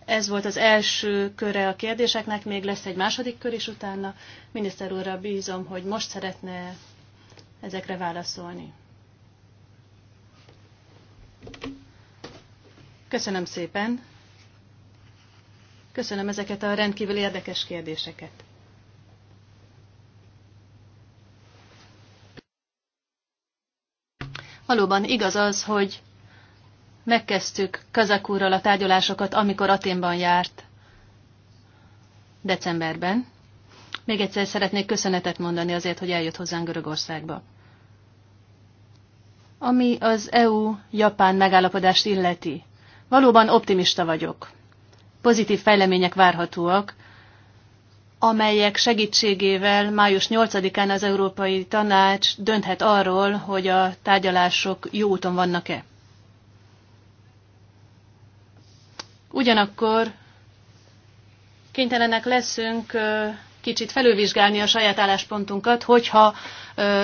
ez volt az első köre a kérdéseknek, még lesz egy második kör is utána. Miniszter úrra bízom, hogy most szeretne ezekre válaszolni. Köszönöm szépen. Köszönöm ezeket a rendkívül érdekes kérdéseket. Valóban igaz az, hogy megkezdtük Kazakúrral a tárgyalásokat, amikor Aténban járt decemberben. Még egyszer szeretnék köszönetet mondani azért, hogy eljött hozzánk Görögországba. Ami az EU-Japán megállapodást illeti. Valóban optimista vagyok pozitív fejlemények várhatóak, amelyek segítségével május 8-án az Európai Tanács dönthet arról, hogy a tárgyalások jó úton vannak-e. Ugyanakkor kénytelenek leszünk kicsit felülvizsgálni a saját álláspontunkat, hogyha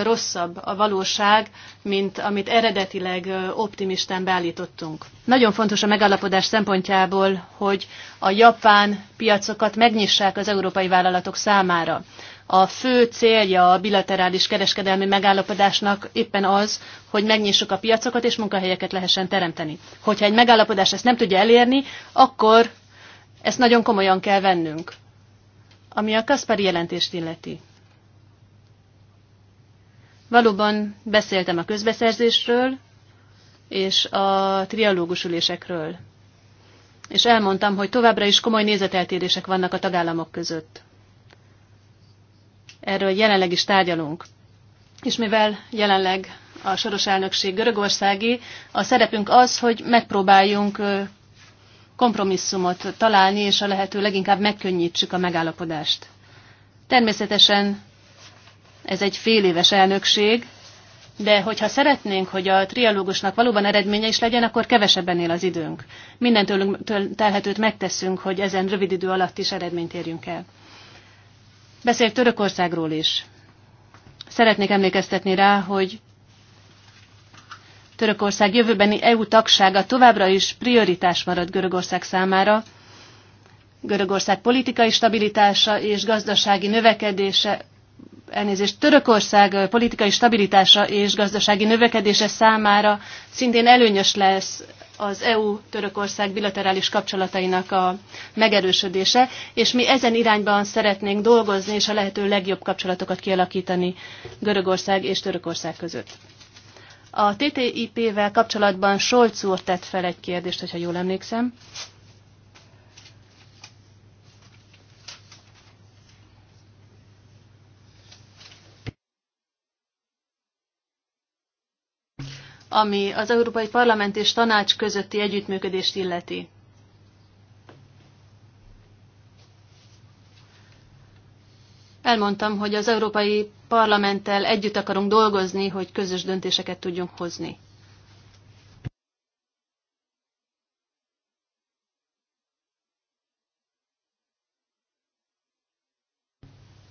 rosszabb a valóság, mint amit eredetileg optimisten beállítottunk. Nagyon fontos a megállapodás szempontjából, hogy a japán piacokat megnyissák az európai vállalatok számára. A fő célja a bilaterális kereskedelmi megállapodásnak éppen az, hogy megnyissuk a piacokat és munkahelyeket lehessen teremteni. Hogyha egy megállapodás ezt nem tudja elérni, akkor ezt nagyon komolyan kell vennünk. Ami a Kaspari jelentést illeti. Valóban beszéltem a közbeszerzésről és a trialógusülésekről. És elmondtam, hogy továbbra is komoly nézeteltérések vannak a tagállamok között. Erről jelenleg is tárgyalunk. És mivel jelenleg a soros elnökség görögországi, a szerepünk az, hogy megpróbáljunk kompromisszumot találni, és a lehető leginkább megkönnyítsük a megállapodást. Természetesen ez egy fél éves elnökség, de hogyha szeretnénk, hogy a trialógusnak valóban eredménye is legyen, akkor kevesebben él az időnk. Minden tőlünk telhetőt megteszünk, hogy ezen rövid idő alatt is eredményt érjünk el. Beszélt Törökországról is. Szeretnék emlékeztetni rá, hogy Törökország jövőbeni EU tagsága továbbra is prioritás marad Görögország számára. Görögország politikai stabilitása és gazdasági növekedése elnézést, Törökország politikai stabilitása és gazdasági növekedése számára szintén előnyös lesz az EU-Törökország bilaterális kapcsolatainak a megerősödése, és mi ezen irányban szeretnénk dolgozni és a lehető legjobb kapcsolatokat kialakítani Görögország és Törökország között. A TTIP-vel kapcsolatban Solc úr tett fel egy kérdést, hogyha jól emlékszem. ami az Európai Parlament és Tanács közötti együttműködést illeti. Elmondtam, hogy az Európai Parlamenttel együtt akarunk dolgozni, hogy közös döntéseket tudjunk hozni.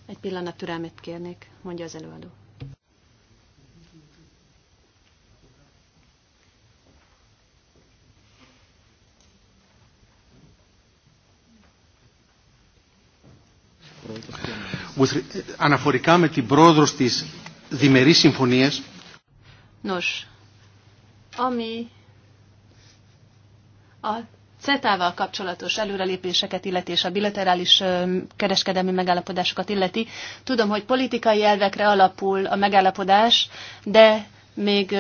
Egy pillanat türelmet kérnék, mondja az előadó. αναφορικά με την πρόοδο τη διμερή συμφωνία. Nos, ami a CETA-val kapcsolatos előrelépéseket illeti és a bilaterális kereskedelmi megállapodásokat illeti, tudom, hogy politikai elvekre alapul a megállapodás, de még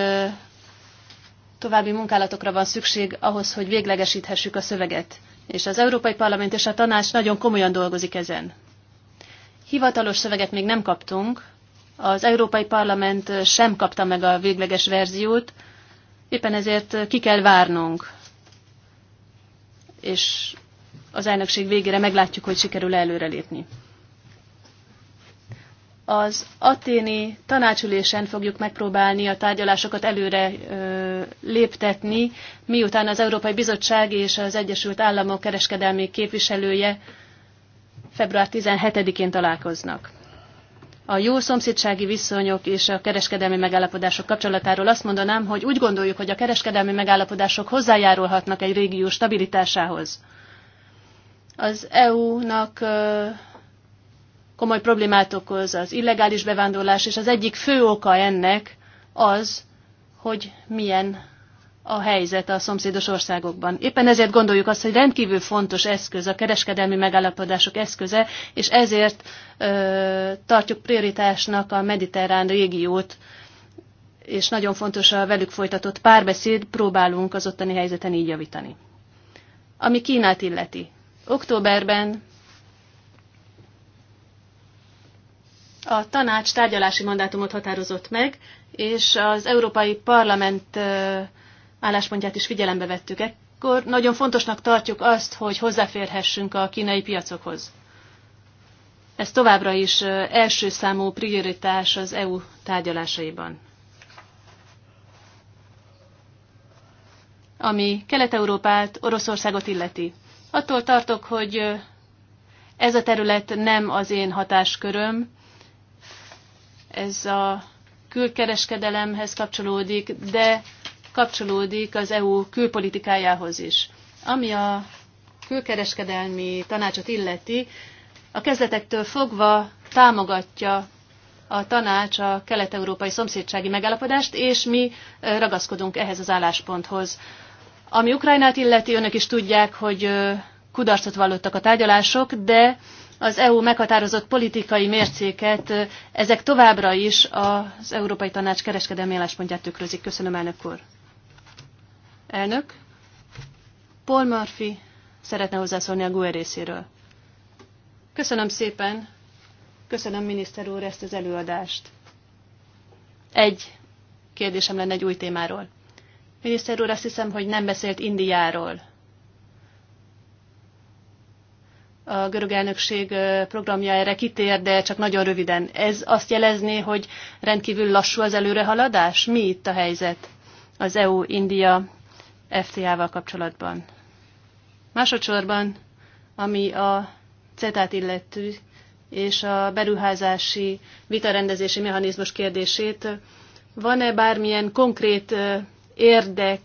további munkálatokra van szükség ahhoz, hogy véglegesíthessük a szöveget. És az Európai Parlament és a Tanács nagyon komolyan dolgozik ezen. Hivatalos szöveget még nem kaptunk, az Európai Parlament sem kapta meg a végleges verziót, éppen ezért ki kell várnunk. És az elnökség végére meglátjuk, hogy sikerül előrelépni. Az aténi tanácsülésen fogjuk megpróbálni a tárgyalásokat előre ö, léptetni, miután az Európai Bizottság és az Egyesült Államok kereskedelmi képviselője február 17-én találkoznak. A jó szomszédsági viszonyok és a kereskedelmi megállapodások kapcsolatáról azt mondanám, hogy úgy gondoljuk, hogy a kereskedelmi megállapodások hozzájárulhatnak egy régió stabilitásához. Az EU-nak komoly problémát okoz az illegális bevándorlás, és az egyik fő oka ennek az, hogy milyen a helyzet a szomszédos országokban. Éppen ezért gondoljuk azt, hogy rendkívül fontos eszköz, a kereskedelmi megállapodások eszköze, és ezért ö, tartjuk prioritásnak a mediterrán régiót, és nagyon fontos a velük folytatott párbeszéd, próbálunk az ottani helyzeten így javítani. Ami Kínát illeti. Októberben a tanács tárgyalási mandátumot határozott meg, és az Európai Parlament álláspontját is figyelembe vettük, akkor nagyon fontosnak tartjuk azt, hogy hozzáférhessünk a kínai piacokhoz. Ez továbbra is első számú prioritás az EU tárgyalásaiban. Ami Kelet-Európát, Oroszországot illeti. Attól tartok, hogy ez a terület nem az én hatásköröm, ez a külkereskedelemhez kapcsolódik, de kapcsolódik az EU külpolitikájához is. Ami a külkereskedelmi tanácsot illeti, a kezdetektől fogva támogatja a tanács a kelet-európai szomszédsági megállapodást, és mi ragaszkodunk ehhez az állásponthoz. Ami Ukrajnát illeti, önök is tudják, hogy kudarcot vallottak a tárgyalások, de az EU meghatározott politikai mércéket, ezek továbbra is az Európai Tanács kereskedelmi álláspontját tükrözik. Köszönöm, elnök úr. Elnök, Paul Murphy szeretne hozzászólni a GUE részéről. Köszönöm szépen, köszönöm miniszter úr ezt az előadást. Egy kérdésem lenne egy új témáról. Miniszter úr, azt hiszem, hogy nem beszélt Indiáról. A görög elnökség programja erre kitér, de csak nagyon röviden. Ez azt jelezné, hogy rendkívül lassú az előrehaladás? Mi itt a helyzet az EU-India FCA-val kapcsolatban. Másodszorban, ami a CETA-t illető és a beruházási vitarendezési mechanizmus kérdését, van-e bármilyen konkrét érdek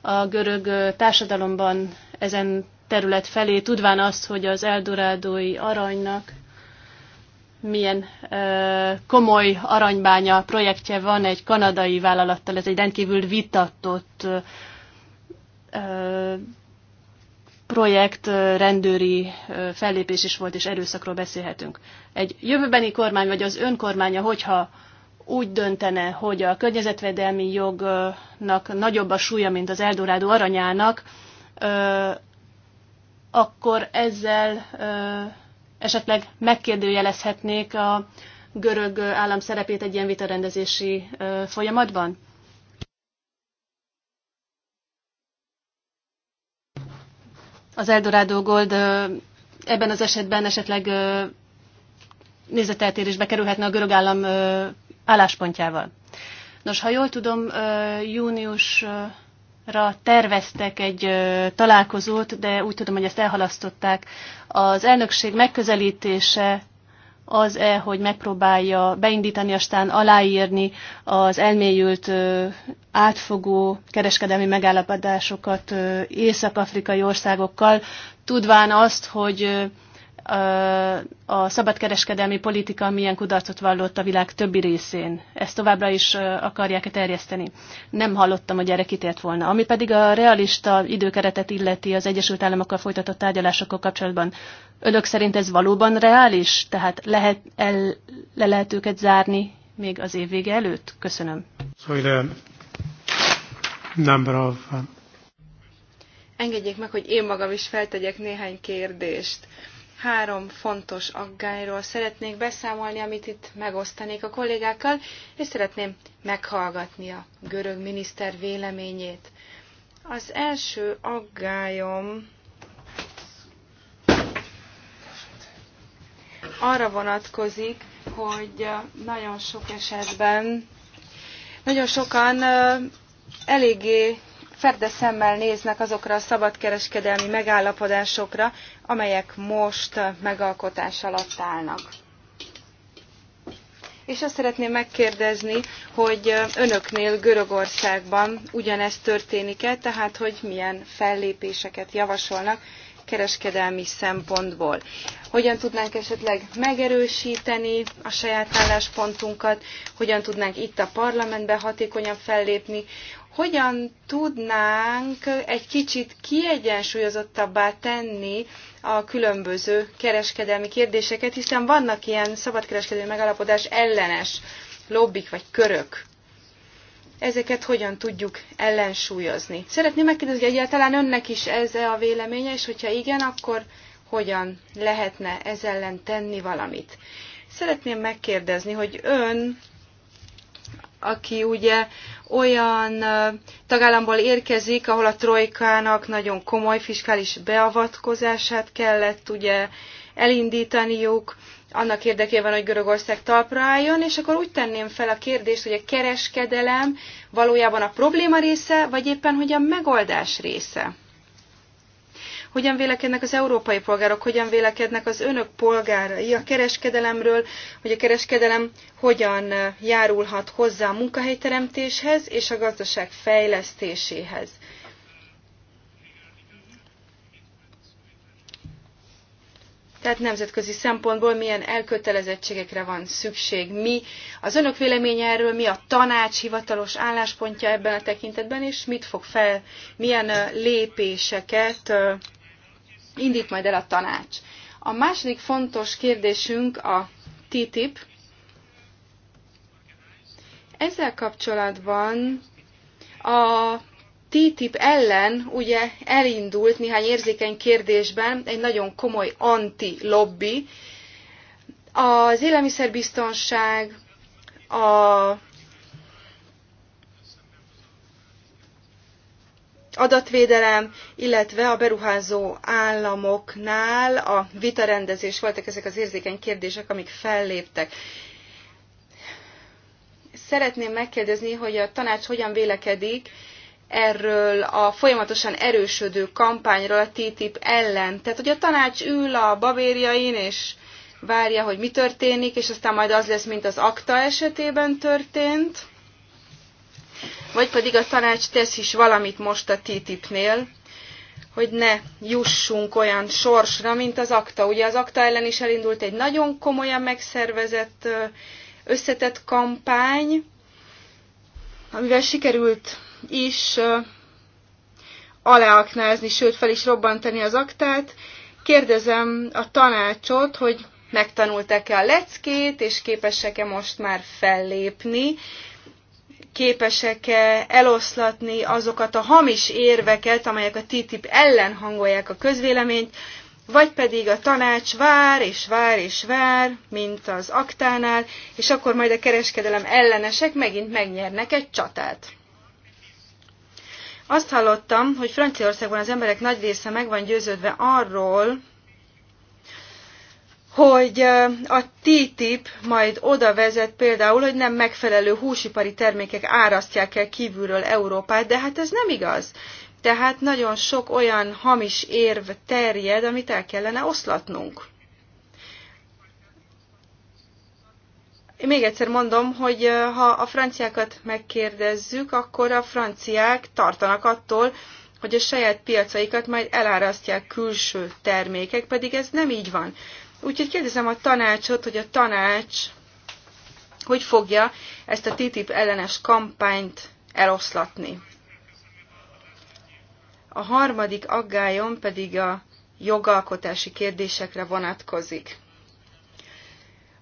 a görög társadalomban ezen terület felé, tudván azt, hogy az eldorádói aranynak milyen ö, komoly aranybánya projektje van egy kanadai vállalattal, ez egy rendkívül vitatott projekt rendőri fellépés is volt, és erőszakról beszélhetünk. Egy jövőbeni kormány, vagy az önkormánya, hogyha úgy döntene, hogy a környezetvédelmi jognak nagyobb a súlya, mint az Eldorádó aranyának, akkor ezzel esetleg megkérdőjelezhetnék a görög állam szerepét egy ilyen vitarendezési folyamatban? az Eldorado Gold ebben az esetben esetleg nézeteltérésbe kerülhetne a görög állam álláspontjával. Nos, ha jól tudom, júniusra terveztek egy találkozót, de úgy tudom, hogy ezt elhalasztották. Az elnökség megközelítése az-e, hogy megpróbálja beindítani, aztán aláírni az elmélyült átfogó kereskedelmi megállapodásokat észak-afrikai országokkal, tudván azt, hogy a szabadkereskedelmi politika milyen kudarcot vallott a világ többi részén. Ezt továbbra is akarják -e terjeszteni. Nem hallottam, hogy erre kitért volna. Ami pedig a realista időkeretet illeti az Egyesült Államokkal folytatott tárgyalásokkal kapcsolatban. Önök szerint ez valóban reális? Tehát lehet, el, le lehet őket zárni még az év vége előtt? Köszönöm. Szóval Uh, Engedjék meg, hogy én magam is feltegyek néhány kérdést. Három fontos aggályról szeretnék beszámolni, amit itt megosztanék a kollégákkal, és szeretném meghallgatni a görög miniszter véleményét. Az első aggályom arra vonatkozik, hogy uh, nagyon sok esetben nagyon sokan uh, eléggé ferde szemmel néznek azokra a szabadkereskedelmi megállapodásokra, amelyek most megalkotás alatt állnak. És azt szeretném megkérdezni, hogy önöknél Görögországban ugyanezt történik-e, tehát hogy milyen fellépéseket javasolnak kereskedelmi szempontból. Hogyan tudnánk esetleg megerősíteni a saját álláspontunkat, hogyan tudnánk itt a parlamentben hatékonyan fellépni, hogyan tudnánk egy kicsit kiegyensúlyozottabbá tenni a különböző kereskedelmi kérdéseket, hiszen vannak ilyen szabadkereskedelmi megállapodás ellenes lobbik vagy körök. Ezeket hogyan tudjuk ellensúlyozni? Szeretném megkérdezni, hogy egyáltalán önnek is ez -e a véleménye, és hogyha igen, akkor hogyan lehetne ez ellen tenni valamit? Szeretném megkérdezni, hogy ön aki ugye olyan tagállamból érkezik, ahol a trojkának nagyon komoly fiskális beavatkozását kellett ugye elindítaniuk, annak érdekében, hogy Görögország talpra álljon, és akkor úgy tenném fel a kérdést, hogy a kereskedelem valójában a probléma része, vagy éppen, hogy a megoldás része hogyan vélekednek az európai polgárok, hogyan vélekednek az önök polgárai a kereskedelemről, hogy a kereskedelem hogyan járulhat hozzá a munkahelyteremtéshez és a gazdaság fejlesztéséhez. Tehát nemzetközi szempontból milyen elkötelezettségekre van szükség. Mi az önök véleménye erről, mi a tanács hivatalos álláspontja ebben a tekintetben, és mit fog fel, milyen lépéseket indít majd el a tanács. A második fontos kérdésünk a TTIP. Ezzel kapcsolatban a TTIP ellen ugye elindult néhány érzékeny kérdésben egy nagyon komoly anti-lobby. Az élelmiszerbiztonság, a adatvédelem, illetve a beruházó államoknál a vitarendezés voltak ezek az érzékeny kérdések, amik felléptek. Szeretném megkérdezni, hogy a tanács hogyan vélekedik erről a folyamatosan erősödő kampányról a TTIP ellen. Tehát, hogy a tanács ül a bavériain, és várja, hogy mi történik, és aztán majd az lesz, mint az akta esetében történt vagy pedig a tanács tesz is valamit most a TTIP-nél, hogy ne jussunk olyan sorsra, mint az akta. Ugye az akta ellen is elindult egy nagyon komolyan megszervezett, összetett kampány, amivel sikerült is aleaknázni, sőt fel is robbantani az aktát. Kérdezem a tanácsot, hogy megtanultak-e a leckét, és képesek-e most már fellépni, képesek-e eloszlatni azokat a hamis érveket, amelyek a TTIP ellen hangolják a közvéleményt, vagy pedig a tanács vár és vár és vár, mint az aktánál, és akkor majd a kereskedelem ellenesek megint megnyernek egy csatát. Azt hallottam, hogy Franciaországban az emberek nagy része meg van győződve arról, hogy a TTIP majd oda vezet például, hogy nem megfelelő húsipari termékek árasztják el kívülről Európát, de hát ez nem igaz. Tehát nagyon sok olyan hamis érv terjed, amit el kellene oszlatnunk. Én még egyszer mondom, hogy ha a franciákat megkérdezzük, akkor a franciák tartanak attól, hogy a saját piacaikat majd elárasztják külső termékek, pedig ez nem így van. Úgyhogy kérdezem a tanácsot, hogy a tanács hogy fogja ezt a TTIP ellenes kampányt eloszlatni. A harmadik aggályom pedig a jogalkotási kérdésekre vonatkozik.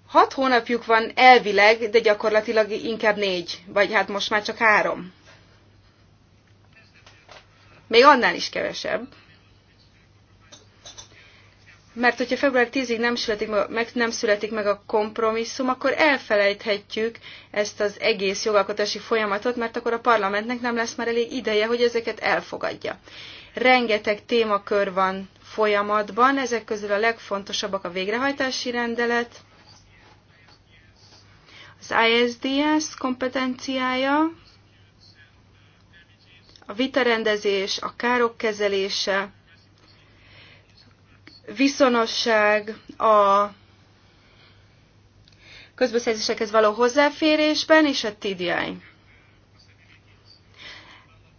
Hat hónapjuk van elvileg, de gyakorlatilag inkább négy, vagy hát most már csak három. Még annál is kevesebb mert hogyha február 10-ig nem születik meg, nem születik meg a kompromisszum, akkor elfelejthetjük ezt az egész jogalkotási folyamatot, mert akkor a parlamentnek nem lesz már elég ideje, hogy ezeket elfogadja. Rengeteg témakör van folyamatban, ezek közül a legfontosabbak a végrehajtási rendelet, az ISDS kompetenciája, a vitarendezés, a károk kezelése, viszonosság a közbeszerzésekhez való hozzáférésben és a TDI.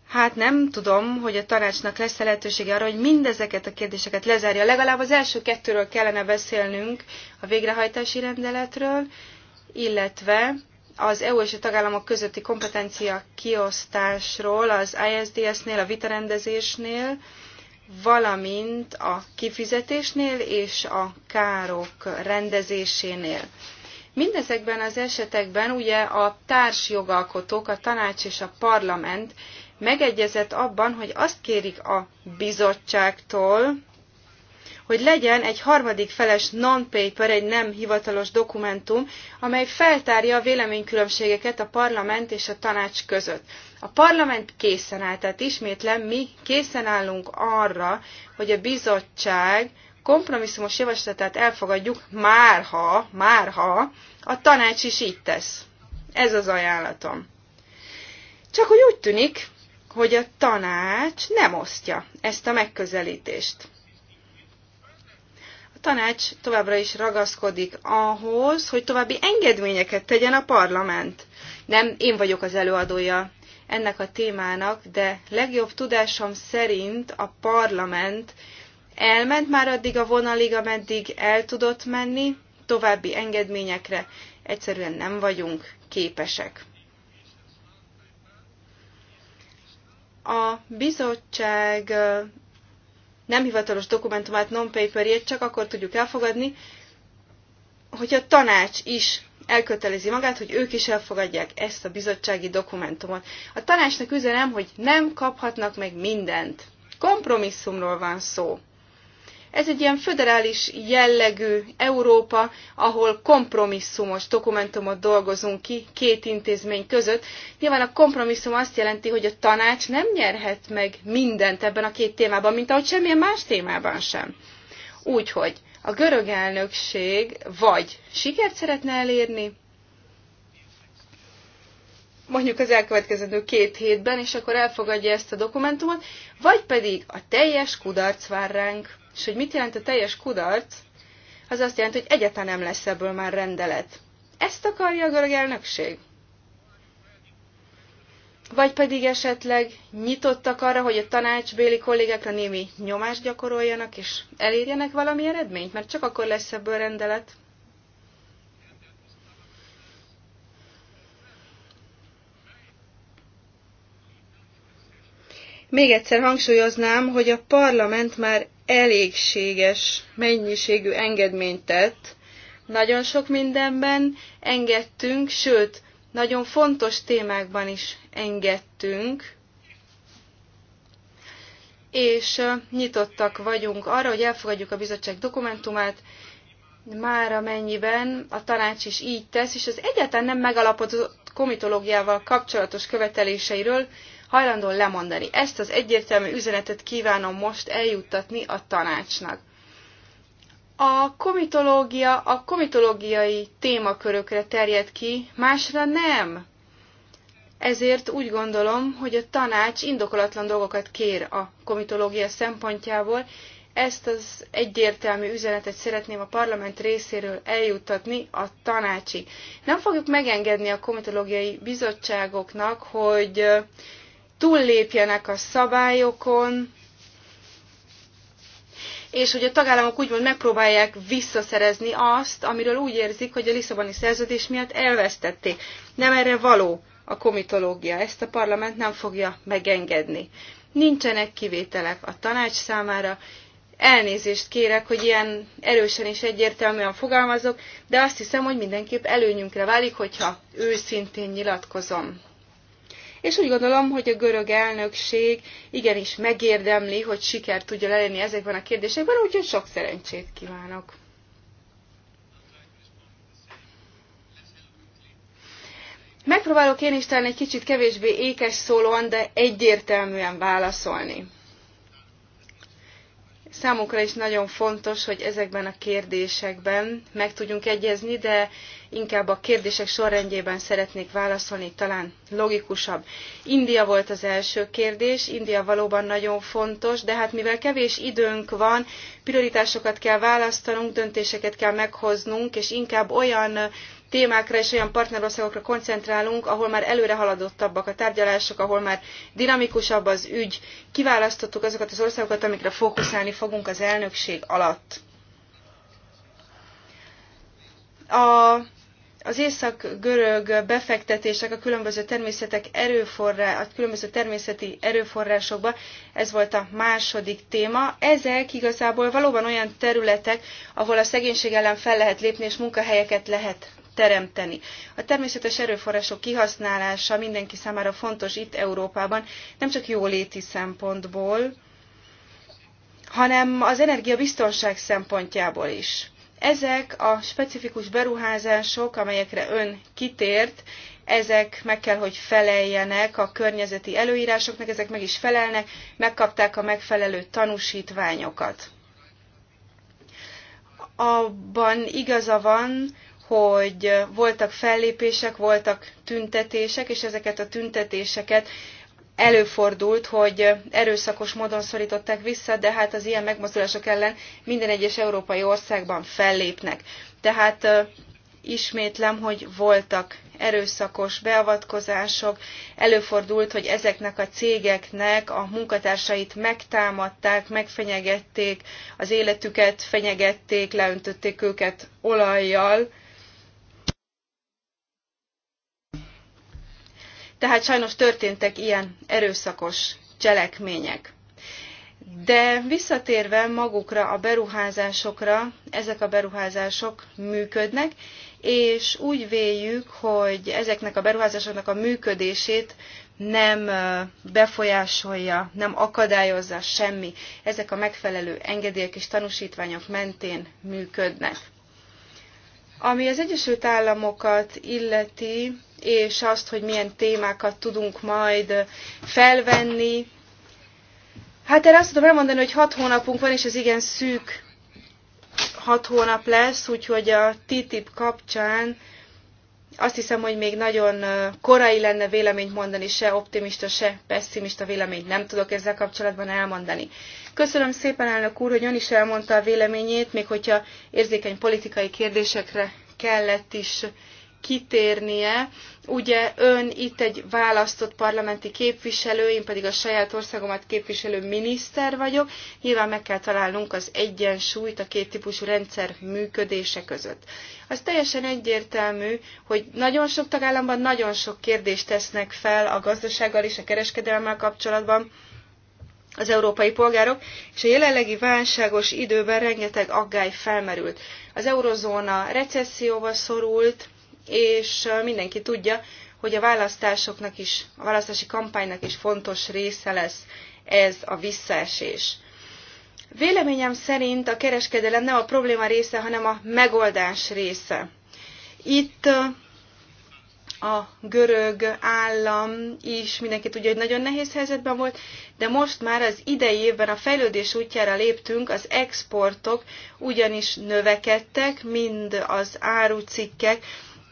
Hát nem tudom, hogy a tanácsnak lesz lehetősége arra, hogy mindezeket a kérdéseket lezárja. Legalább az első kettőről kellene beszélnünk, a végrehajtási rendeletről, illetve az EU és a tagállamok közötti kompetencia kiosztásról, az ISDS-nél, a vitarendezésnél, valamint a kifizetésnél és a károk rendezésénél. Mindezekben az esetekben ugye a társjogalkotók, a tanács és a parlament megegyezett abban, hogy azt kérik a bizottságtól, hogy legyen egy harmadik feles non-paper, egy nem hivatalos dokumentum, amely feltárja a véleménykülönbségeket a parlament és a tanács között. A parlament készen áll, tehát ismétlem, mi készen állunk arra, hogy a bizottság kompromisszumos javaslatát elfogadjuk, márha, márha a tanács is így tesz. Ez az ajánlatom. Csak hogy úgy tűnik, hogy a tanács nem osztja ezt a megközelítést tanács továbbra is ragaszkodik ahhoz, hogy további engedményeket tegyen a parlament. Nem én vagyok az előadója ennek a témának, de legjobb tudásom szerint a parlament elment már addig a vonalig, ameddig el tudott menni, további engedményekre egyszerűen nem vagyunk képesek. A bizottság nem hivatalos dokumentumát, non-paperjét csak akkor tudjuk elfogadni, hogyha a tanács is elkötelezi magát, hogy ők is elfogadják ezt a bizottsági dokumentumot. A tanácsnak üzenem, hogy nem kaphatnak meg mindent. Kompromisszumról van szó. Ez egy ilyen föderális jellegű Európa, ahol kompromisszumos dokumentumot dolgozunk ki két intézmény között. Nyilván a kompromisszum azt jelenti, hogy a tanács nem nyerhet meg mindent ebben a két témában, mint ahogy semmilyen más témában sem. Úgyhogy a görög elnökség vagy sikert szeretne elérni, mondjuk az elkövetkezendő két hétben, és akkor elfogadja ezt a dokumentumot, vagy pedig a teljes kudarc vár ránk. És hogy mit jelent a teljes kudarc, az azt jelenti, hogy egyáltalán nem lesz ebből már rendelet. Ezt akarja a görög elnökség? Vagy pedig esetleg nyitottak arra, hogy a tanácsbéli kollégákra némi nyomást gyakoroljanak, és elérjenek valami eredményt? Mert csak akkor lesz ebből rendelet. Még egyszer hangsúlyoznám, hogy a parlament már elégséges mennyiségű engedményt tett. Nagyon sok mindenben engedtünk, sőt, nagyon fontos témákban is engedtünk, és nyitottak vagyunk arra, hogy elfogadjuk a bizottság dokumentumát, már amennyiben a tanács is így tesz, és az egyáltalán nem megalapozott komitológiával kapcsolatos követeléseiről hajlandó lemondani. Ezt az egyértelmű üzenetet kívánom most eljuttatni a tanácsnak. A komitológia a komitológiai témakörökre terjed ki, másra nem. Ezért úgy gondolom, hogy a tanács indokolatlan dolgokat kér a komitológia szempontjából. Ezt az egyértelmű üzenetet szeretném a parlament részéről eljuttatni a tanácsig. Nem fogjuk megengedni a komitológiai bizottságoknak, hogy túllépjenek a szabályokon, és hogy a tagállamok úgymond megpróbálják visszaszerezni azt, amiről úgy érzik, hogy a Lisszaboni szerződés miatt elvesztették. Nem erre való a komitológia, ezt a parlament nem fogja megengedni. Nincsenek kivételek a tanács számára, elnézést kérek, hogy ilyen erősen és egyértelműen fogalmazok, de azt hiszem, hogy mindenképp előnyünkre válik, hogyha őszintén nyilatkozom és úgy gondolom, hogy a görög elnökség igenis megérdemli, hogy siker tudja lenni ezekben a kérdésekben, úgyhogy sok szerencsét kívánok! Megpróbálok én is talán egy kicsit kevésbé ékes szólóan, de egyértelműen válaszolni. Számunkra is nagyon fontos, hogy ezekben a kérdésekben meg tudjunk egyezni, de inkább a kérdések sorrendjében szeretnék válaszolni, talán logikusabb. India volt az első kérdés, India valóban nagyon fontos, de hát mivel kevés időnk van, prioritásokat kell választanunk, döntéseket kell meghoznunk, és inkább olyan témákra és olyan partnerországokra koncentrálunk, ahol már előre haladottabbak a tárgyalások, ahol már dinamikusabb az ügy. Kiválasztottuk azokat az országokat, amikre fókuszálni fogunk az elnökség alatt. A az észak-görög befektetések a különböző, természetek erőforrá, a különböző természeti erőforrásokba, ez volt a második téma. Ezek igazából valóban olyan területek, ahol a szegénység ellen fel lehet lépni, és munkahelyeket lehet teremteni. A természetes erőforrások kihasználása mindenki számára fontos itt Európában, nem csak jóléti szempontból, hanem az energiabiztonság szempontjából is. Ezek a specifikus beruházások, amelyekre ön kitért, ezek meg kell, hogy feleljenek a környezeti előírásoknak, ezek meg is felelnek, megkapták a megfelelő tanúsítványokat. Abban igaza van, hogy voltak fellépések, voltak tüntetések, és ezeket a tüntetéseket előfordult, hogy erőszakos módon szorították vissza, de hát az ilyen megmozdulások ellen minden egyes európai országban fellépnek. Tehát ismétlem, hogy voltak erőszakos beavatkozások, előfordult, hogy ezeknek a cégeknek a munkatársait megtámadták, megfenyegették, az életüket fenyegették, leöntötték őket olajjal, Tehát sajnos történtek ilyen erőszakos cselekmények. De visszatérve magukra a beruházásokra, ezek a beruházások működnek, és úgy véljük, hogy ezeknek a beruházásoknak a működését nem befolyásolja, nem akadályozza semmi. Ezek a megfelelő engedélyek és tanúsítványok mentén működnek. Ami az Egyesült Államokat illeti, és azt, hogy milyen témákat tudunk majd felvenni, hát erre azt tudom elmondani, hogy hat hónapunk van, és ez igen szűk hat hónap lesz, úgyhogy a TTIP kapcsán azt hiszem, hogy még nagyon korai lenne véleményt mondani, se optimista, se pessimista véleményt nem tudok ezzel kapcsolatban elmondani. Köszönöm szépen, elnök úr, hogy ön is elmondta a véleményét, még hogyha érzékeny politikai kérdésekre kellett is kitérnie. Ugye ön itt egy választott parlamenti képviselő, én pedig a saját országomat képviselő miniszter vagyok. Nyilván meg kell találnunk az egyensúlyt a két típusú rendszer működése között. Az teljesen egyértelmű, hogy nagyon sok tagállamban nagyon sok kérdést tesznek fel a gazdasággal és a kereskedelemmel kapcsolatban, az európai polgárok, és a jelenlegi válságos időben rengeteg aggály felmerült. Az eurozóna recesszióba szorult, és mindenki tudja, hogy a választásoknak is, a választási kampánynak is fontos része lesz ez a visszaesés. Véleményem szerint a kereskedelem nem a probléma része, hanem a megoldás része. Itt a görög állam is, mindenki tudja, hogy nagyon nehéz helyzetben volt, de most már az idei évben a fejlődés útjára léptünk, az exportok ugyanis növekedtek, mind az árucikkek,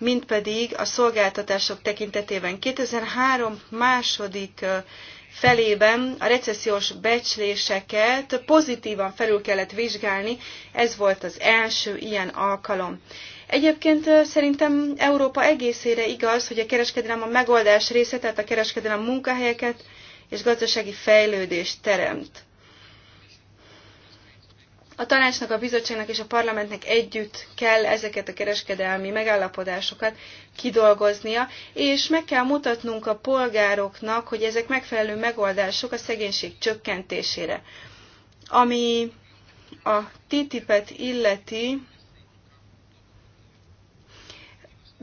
mint pedig a szolgáltatások tekintetében. 2003 második felében a recessziós becsléseket pozitívan felül kellett vizsgálni, ez volt az első ilyen alkalom. Egyébként szerintem Európa egészére igaz, hogy a kereskedelem a megoldás része, tehát a kereskedelem munkahelyeket és gazdasági fejlődést teremt a tanácsnak, a bizottságnak és a parlamentnek együtt kell ezeket a kereskedelmi megállapodásokat kidolgoznia, és meg kell mutatnunk a polgároknak, hogy ezek megfelelő megoldások a szegénység csökkentésére. Ami a TTIP-et illeti,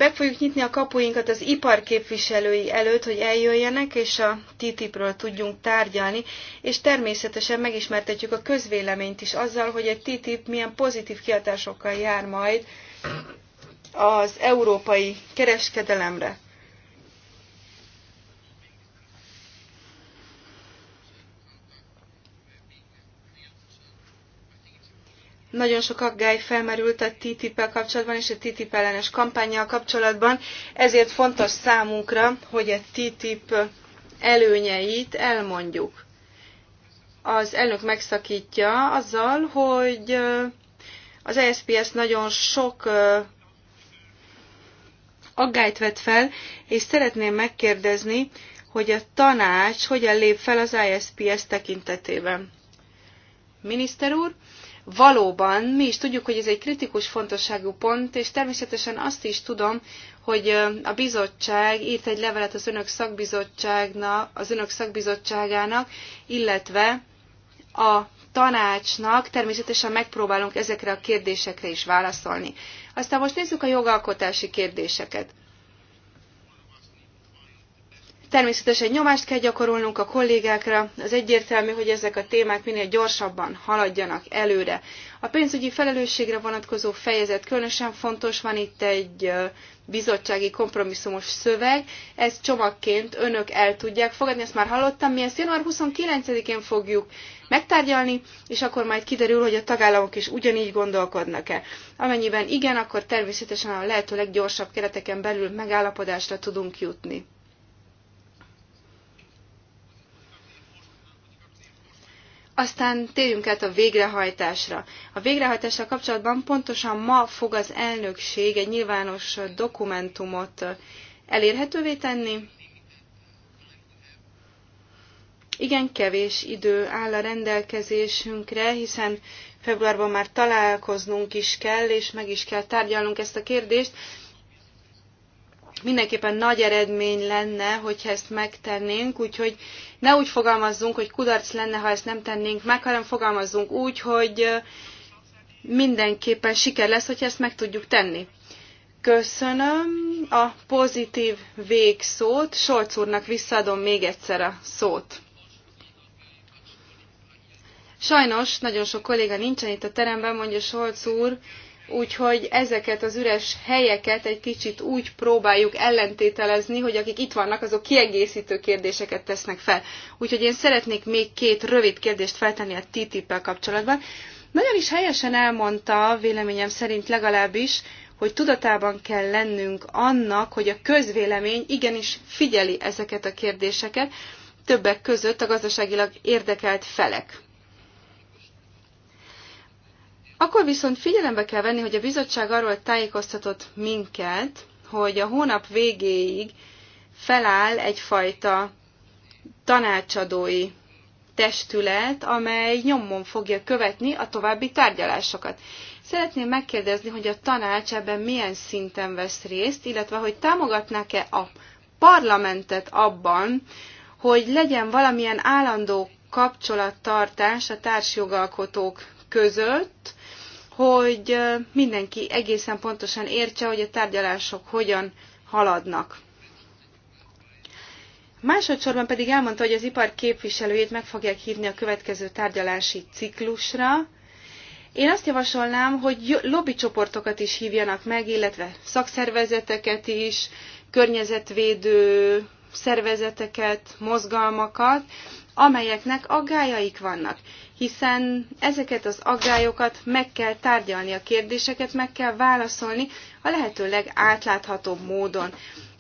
Be fogjuk nyitni a kapuinkat az ipar képviselői előtt, hogy eljöjjenek, és a TTIP-ről tudjunk tárgyalni, és természetesen megismertetjük a közvéleményt is azzal, hogy egy TTIP milyen pozitív kihatásokkal jár majd az európai kereskedelemre. Nagyon sok aggály felmerült a TTIP-el kapcsolatban és a TTIP ellenes kampányjal kapcsolatban, ezért fontos számunkra, hogy a TTIP előnyeit elmondjuk. Az elnök megszakítja azzal, hogy az ESPS nagyon sok aggályt vett fel, és szeretném megkérdezni, hogy a tanács hogyan lép fel az ISPS e tekintetében. Miniszter úr, valóban mi is tudjuk, hogy ez egy kritikus fontosságú pont, és természetesen azt is tudom, hogy a bizottság írt egy levelet az önök, szakbizottságnak, az önök szakbizottságának, illetve a tanácsnak természetesen megpróbálunk ezekre a kérdésekre is válaszolni. Aztán most nézzük a jogalkotási kérdéseket. Természetesen nyomást kell gyakorolnunk a kollégákra, az egyértelmű, hogy ezek a témák minél gyorsabban haladjanak előre. A pénzügyi felelősségre vonatkozó fejezet különösen fontos, van itt egy bizottsági kompromisszumos szöveg, ezt csomagként önök el tudják fogadni, ezt már hallottam, mi ezt január 29-én fogjuk megtárgyalni, és akkor majd kiderül, hogy a tagállamok is ugyanígy gondolkodnak-e. Amennyiben igen, akkor természetesen a lehető leggyorsabb kereteken belül megállapodásra tudunk jutni. Aztán térjünk át a végrehajtásra. A végrehajtással kapcsolatban pontosan ma fog az elnökség egy nyilvános dokumentumot elérhetővé tenni. Igen kevés idő áll a rendelkezésünkre, hiszen februárban már találkoznunk is kell, és meg is kell tárgyalnunk ezt a kérdést, mindenképpen nagy eredmény lenne, hogyha ezt megtennénk, úgyhogy ne úgy fogalmazzunk, hogy kudarc lenne, ha ezt nem tennénk meg, hanem fogalmazzunk úgy, hogy mindenképpen siker lesz, hogyha ezt meg tudjuk tenni. Köszönöm a pozitív végszót. Solc úrnak visszaadom még egyszer a szót. Sajnos nagyon sok kolléga nincsen itt a teremben, mondja Solc úr, Úgyhogy ezeket az üres helyeket egy kicsit úgy próbáljuk ellentételezni, hogy akik itt vannak, azok kiegészítő kérdéseket tesznek fel. Úgyhogy én szeretnék még két rövid kérdést feltenni a TTIP-el kapcsolatban. Nagyon is helyesen elmondta, véleményem szerint legalábbis, hogy tudatában kell lennünk annak, hogy a közvélemény igenis figyeli ezeket a kérdéseket, többek között a gazdaságilag érdekelt felek. Akkor viszont figyelembe kell venni, hogy a bizottság arról tájékoztatott minket, hogy a hónap végéig feláll egyfajta tanácsadói testület, amely nyomon fogja követni a további tárgyalásokat. Szeretném megkérdezni, hogy a tanács ebben milyen szinten vesz részt, illetve hogy támogatnák-e a parlamentet abban, hogy legyen valamilyen állandó kapcsolattartás a társjogalkotók között, hogy mindenki egészen pontosan értse, hogy a tárgyalások hogyan haladnak. Másodszorban pedig elmondta, hogy az ipar képviselőjét meg fogják hívni a következő tárgyalási ciklusra. Én azt javasolnám, hogy lobbycsoportokat is hívjanak meg, illetve szakszervezeteket is, környezetvédő szervezeteket, mozgalmakat, amelyeknek aggájaik vannak, hiszen ezeket az aggályokat meg kell tárgyalni, a kérdéseket meg kell válaszolni a lehető legátláthatóbb módon.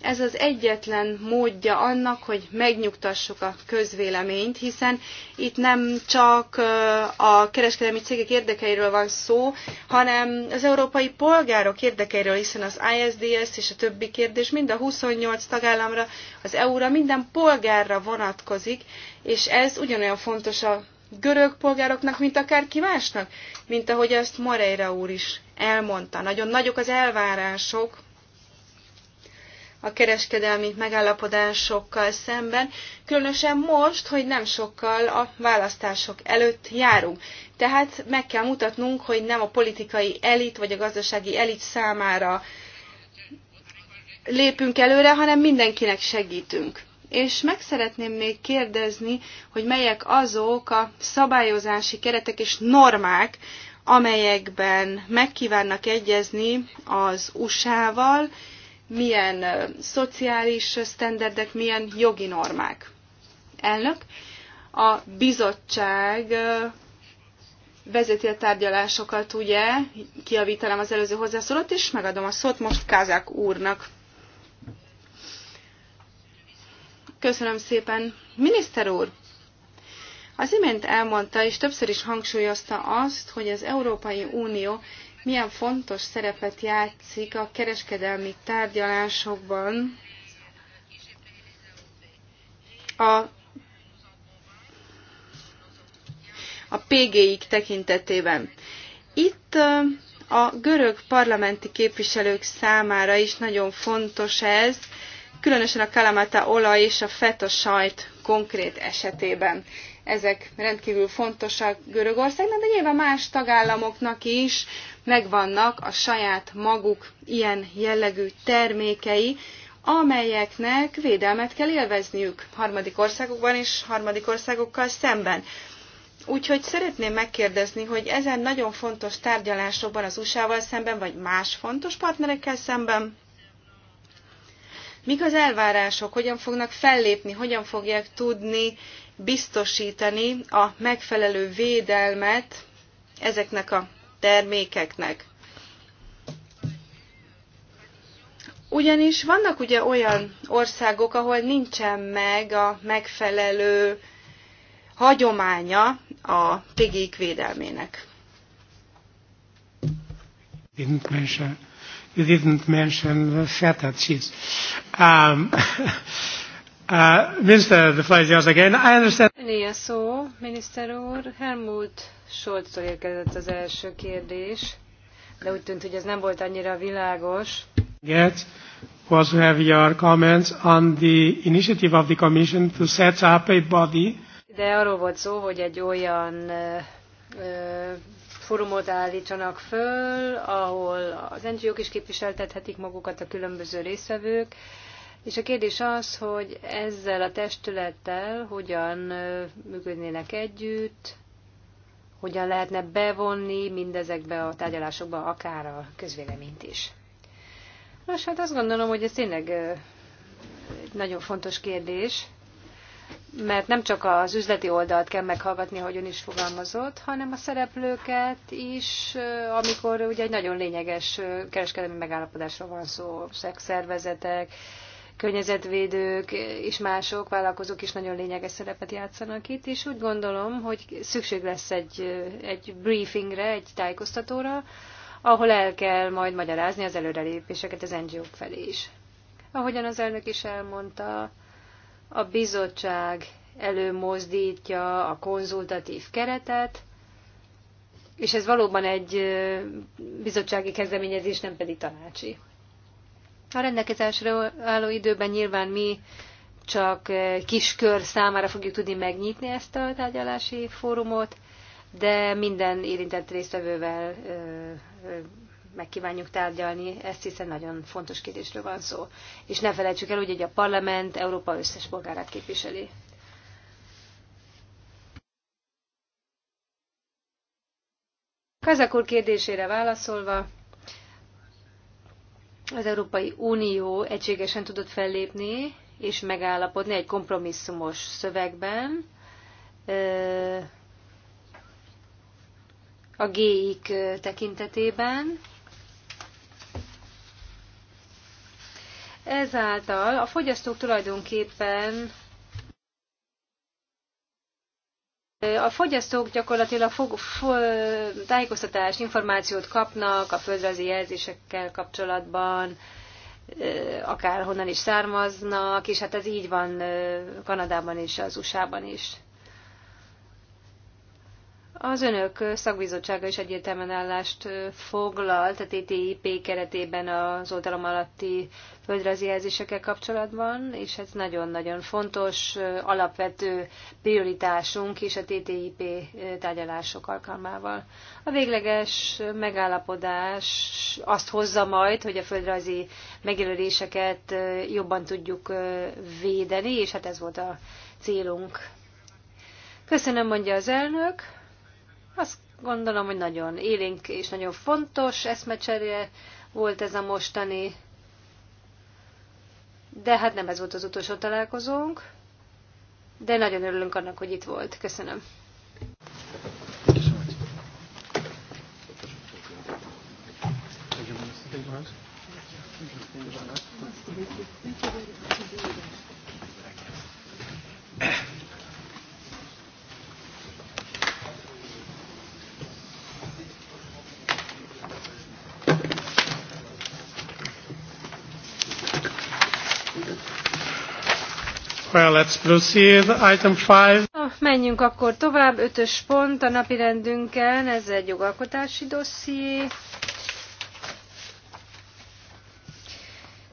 Ez az egyetlen módja annak, hogy megnyugtassuk a közvéleményt, hiszen itt nem csak a kereskedelmi cégek érdekeiről van szó, hanem az európai polgárok érdekeiről, hiszen az ISDS és a többi kérdés mind a 28 tagállamra, az EU-ra, minden polgárra vonatkozik, és ez ugyanolyan fontos a görög polgároknak, mint akárki másnak, mint ahogy ezt Moreira úr is elmondta. Nagyon nagyok az elvárások a kereskedelmi megállapodásokkal szemben, különösen most, hogy nem sokkal a választások előtt járunk. Tehát meg kell mutatnunk, hogy nem a politikai elit vagy a gazdasági elit számára lépünk előre, hanem mindenkinek segítünk és meg szeretném még kérdezni, hogy melyek azok a szabályozási keretek és normák, amelyekben megkívánnak egyezni az USA-val, milyen szociális sztenderdek, milyen jogi normák. Elnök, a bizottság vezeti a tárgyalásokat, ugye, kiavítanám az előző hozzászólót, és megadom a szót most Kázák úrnak. Köszönöm szépen. Miniszter úr, az imént elmondta és többször is hangsúlyozta azt, hogy az Európai Unió milyen fontos szerepet játszik a kereskedelmi tárgyalásokban a, a PG-ig tekintetében. Itt a görög parlamenti képviselők számára is nagyon fontos ez, különösen a kalamata olaj és a feta sajt konkrét esetében. Ezek rendkívül fontosak Görögországnak, de nyilván más tagállamoknak is megvannak a saját maguk ilyen jellegű termékei, amelyeknek védelmet kell élvezniük harmadik országokban és harmadik országokkal szemben. Úgyhogy szeretném megkérdezni, hogy ezen nagyon fontos tárgyalásokban az USA-val szemben, vagy más fontos partnerekkel szemben, Mik az elvárások, hogyan fognak fellépni, hogyan fogják tudni biztosítani a megfelelő védelmet ezeknek a termékeknek. Ugyanis vannak ugye olyan országok, ahol nincsen meg a megfelelő hagyománya a pigék védelmének you didn't mention the feta cheese. Um, uh, Minister, The floor is yours again. I understand. Néha szó, miniszter úr. Helmut Scholztól érkezett az első kérdés, de úgy tűnt, hogy ez nem volt annyira világos. Get was to have your comments on the initiative of the Commission to set up a body. De arról volt szó, hogy egy olyan fórumot állítanak föl, ahol az NGO-k is képviseltethetik magukat a különböző részvevők, és a kérdés az, hogy ezzel a testülettel hogyan működnének együtt, hogyan lehetne bevonni mindezekbe a tárgyalásokba akár a közvéleményt is. Nos, hát azt gondolom, hogy ez tényleg egy nagyon fontos kérdés, mert nem csak az üzleti oldalt kell meghallgatni, ahogy ön is fogalmazott, hanem a szereplőket is, amikor ugye egy nagyon lényeges kereskedelmi megállapodásról van szó, szexszervezetek, környezetvédők és mások, vállalkozók is nagyon lényeges szerepet játszanak itt, és úgy gondolom, hogy szükség lesz egy, egy briefingre, egy tájékoztatóra, ahol el kell majd magyarázni az előrelépéseket az NGO-k felé is. Ahogyan az elnök is elmondta, a bizottság előmozdítja a konzultatív keretet, és ez valóban egy bizottsági kezdeményezés, nem pedig tanácsi. A rendelkezésre álló időben nyilván mi csak kis kör számára fogjuk tudni megnyitni ezt a tárgyalási fórumot, de minden érintett résztvevővel megkívánjuk tárgyalni ezt, hiszen nagyon fontos kérdésről van szó. És ne felejtsük el, hogy egy a parlament Európa összes polgárát képviseli. Kazak úr kérdésére válaszolva, az Európai Unió egységesen tudott fellépni és megállapodni egy kompromisszumos szövegben, a géik tekintetében, Ezáltal a fogyasztók tulajdonképpen a fogyasztók gyakorlatilag fog, fog, tájékoztatás, információt kapnak a földrajzi jelzésekkel kapcsolatban, akárhonnan is származnak, és hát ez így van Kanadában és az USA-ban is. Az önök szakbizottsága is egyértelműen állást foglalt a TTIP keretében az oltalom alatti földrajzi jelzésekkel kapcsolatban, és ez nagyon-nagyon fontos, alapvető prioritásunk is a TTIP tárgyalások alkalmával. A végleges megállapodás azt hozza majd, hogy a földrajzi megjelöléseket jobban tudjuk védeni, és hát ez volt a célunk. Köszönöm, mondja az elnök. Azt gondolom, hogy nagyon élénk és nagyon fontos eszmecserje volt ez a mostani, de hát nem ez volt az utolsó találkozónk, de nagyon örülünk annak, hogy itt volt. Köszönöm. Thank you. Well, let's proceed. Item five. Na, menjünk akkor tovább. Ötös pont a napi rendünkkel. Ez egy jogalkotási dosszié.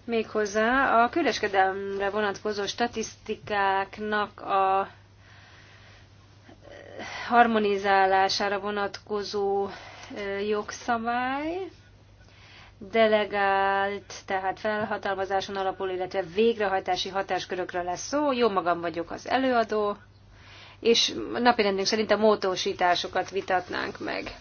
Méghozzá a kereskedelemre vonatkozó statisztikáknak a eh, harmonizálására vonatkozó eh, jogszabály delegált, tehát felhatalmazáson alapul, illetve végrehajtási hatáskörökről lesz szó. Jó magam vagyok az előadó, és napirendünk szerint a módosításokat vitatnánk meg.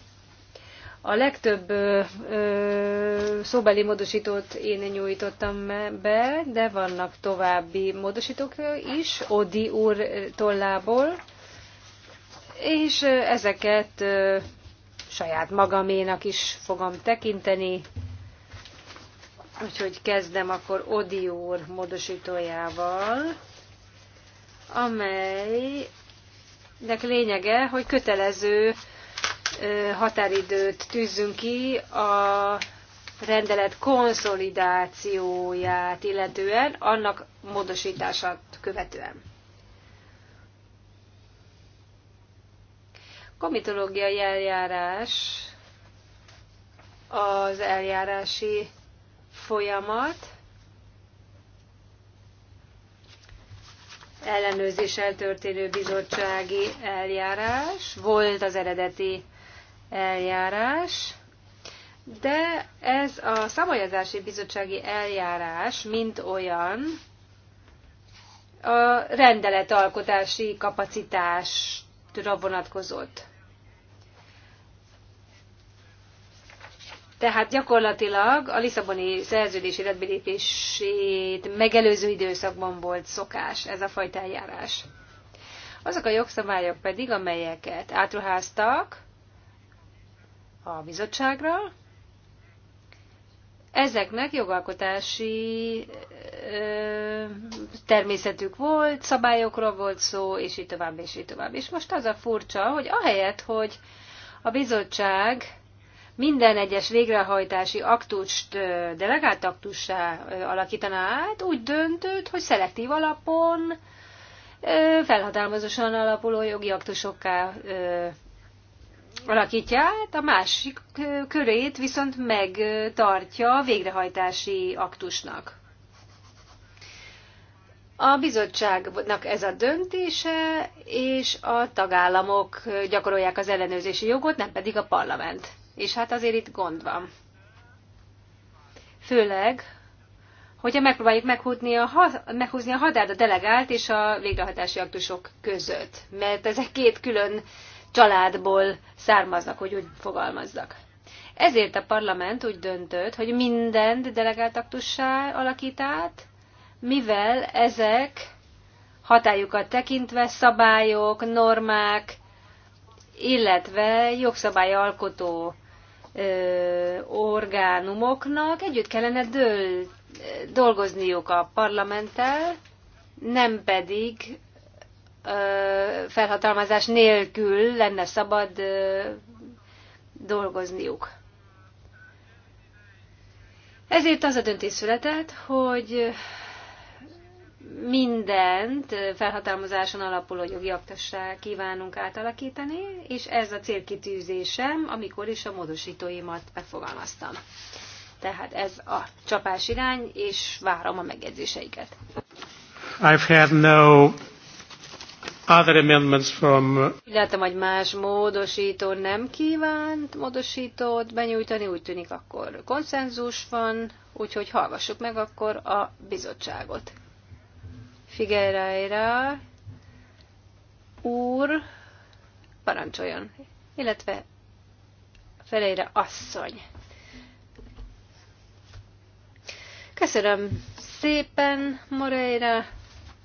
A legtöbb ö, ö, szóbeli módosítót én nyújtottam be, de vannak további módosítók is, Odi úr tollából, és ezeket ö, saját magaménak is fogom tekinteni, Úgyhogy kezdem akkor Odi úr módosítójával, amelynek lényege, hogy kötelező határidőt tűzzünk ki a rendelet konszolidációját illetően, annak módosítását követően. Komitológiai eljárás az eljárási folyamat ellenőrzéssel történő bizottsági eljárás, volt az eredeti eljárás, de ez a szabályozási bizottsági eljárás, mint olyan, a rendeletalkotási kapacitásra vonatkozott. Tehát gyakorlatilag a Lisszaboni szerződés életbelépését megelőző időszakban volt szokás ez a fajta eljárás. Azok a jogszabályok pedig, amelyeket átruháztak a bizottságra, ezeknek jogalkotási ö, természetük volt, szabályokról volt szó, és így tovább, és így tovább. És most az a furcsa, hogy ahelyett, hogy a bizottság minden egyes végrehajtási aktust delegált aktussá alakítaná át, úgy döntött, hogy szelektív alapon felhatalmazosan alapuló jogi aktusokká alakítja át, a másik körét viszont megtartja végrehajtási aktusnak. A bizottságnak ez a döntése, és a tagállamok gyakorolják az ellenőrzési jogot, nem pedig a parlament. És hát azért itt gond van. Főleg, hogyha megpróbáljuk meghúzni a, meghúzni a hadárt a delegált és a végrehajtási aktusok között. Mert ezek két külön családból származnak, hogy úgy fogalmazzak. Ezért a parlament úgy döntött, hogy mindent delegált aktussá alakít át, mivel ezek hatályukat tekintve szabályok, normák, illetve jogszabályalkotó orgánumoknak együtt kellene dől, dolgozniuk a parlamenttel, nem pedig felhatalmazás nélkül lenne szabad dolgozniuk. Ezért az a döntés született, hogy mindent felhatalmazáson alapuló jogi aktassá kívánunk átalakítani, és ez a célkitűzésem, amikor is a módosítóimat megfogalmaztam. Tehát ez a csapás irány, és várom a megjegyzéseiket. I've had no other amendments from... Látom, hogy más módosító nem kívánt módosítót benyújtani, úgy tűnik akkor konszenzus van, úgyhogy hallgassuk meg akkor a bizottságot. Figueira úr parancsoljon, illetve Ferreira asszony. Köszönöm szépen, Moreira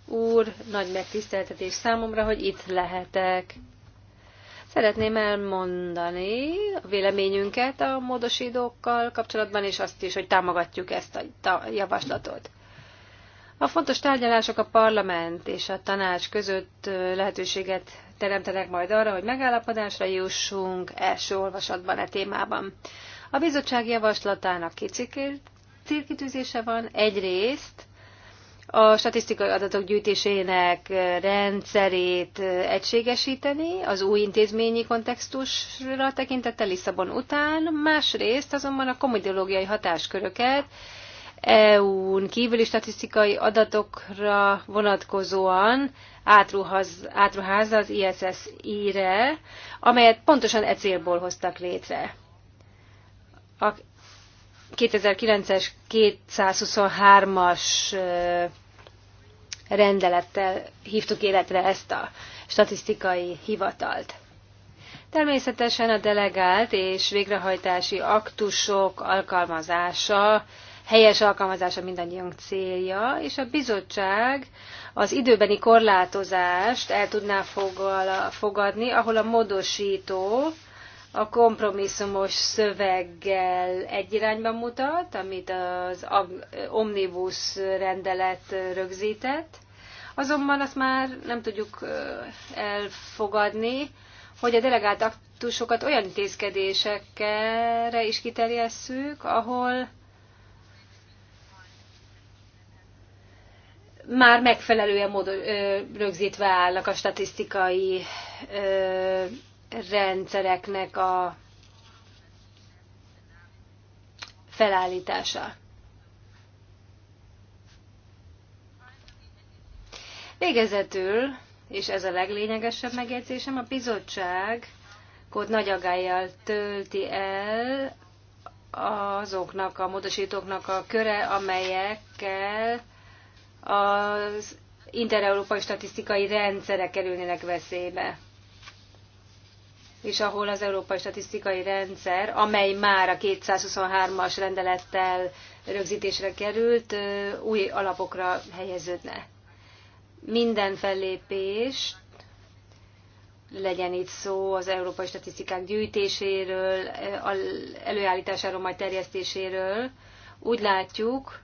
úr, nagy megtiszteltetés számomra, hogy itt lehetek. Szeretném elmondani a véleményünket a módosítókkal kapcsolatban, és azt is, hogy támogatjuk ezt a javaslatot. A fontos tárgyalások a parlament és a tanács között lehetőséget teremtenek majd arra, hogy megállapodásra jussunk első olvasatban e témában. A bizottság javaslatának célkitűzése van egyrészt a statisztikai adatok gyűjtésének rendszerét egységesíteni az új intézményi kontextusra tekintettel Lisszabon után, másrészt azonban a komodológiai hatásköröket EU-n kívüli statisztikai adatokra vonatkozóan átruház, az ISSI-re, amelyet pontosan e célból hoztak létre. A 2009-es 223-as rendelettel hívtuk életre ezt a statisztikai hivatalt. Természetesen a delegált és végrehajtási aktusok alkalmazása helyes alkalmazása mindannyiunk célja, és a bizottság az időbeni korlátozást el tudná fogadni, ahol a módosító a kompromisszumos szöveggel egy irányba mutat, amit az omnibus rendelet rögzített, azonban azt már nem tudjuk elfogadni, hogy a delegált aktusokat olyan intézkedésekre is kiterjesszük, ahol már megfelelően módon rögzítve állnak a statisztikai rendszereknek a felállítása. Végezetül, és ez a leglényegesebb megjegyzésem, a bizottság kód nagy agályjal tölti el azoknak a módosítóknak a köre, amelyekkel az intereurópai statisztikai rendszerek kerülnének veszélybe. És ahol az európai statisztikai rendszer, amely már a 223-as rendelettel rögzítésre került, új alapokra helyeződne. Minden fellépés, legyen itt szó az európai statisztikák gyűjtéséről, előállításáról, majd terjesztéséről. Úgy látjuk,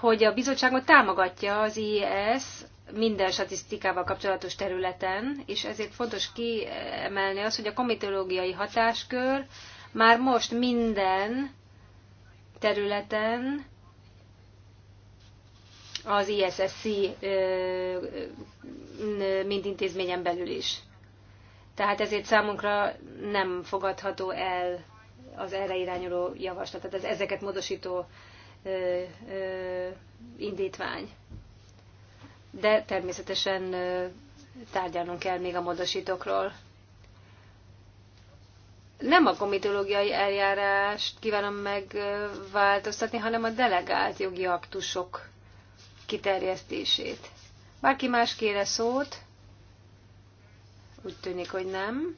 hogy a bizottságot támogatja az IES minden statisztikával kapcsolatos területen, és ezért fontos kiemelni azt, hogy a komitológiai hatáskör már most minden területen az ISSC e mint intézményen belül is. Tehát ezért számunkra nem fogadható el az erre irányuló javaslat, tehát az ezeket módosító indítvány. De természetesen tárgyalnunk kell még a módosítókról. Nem a komitológiai eljárást kívánom megváltoztatni, hanem a delegált jogi aktusok kiterjesztését. Bárki más kére szót? Úgy tűnik, hogy nem.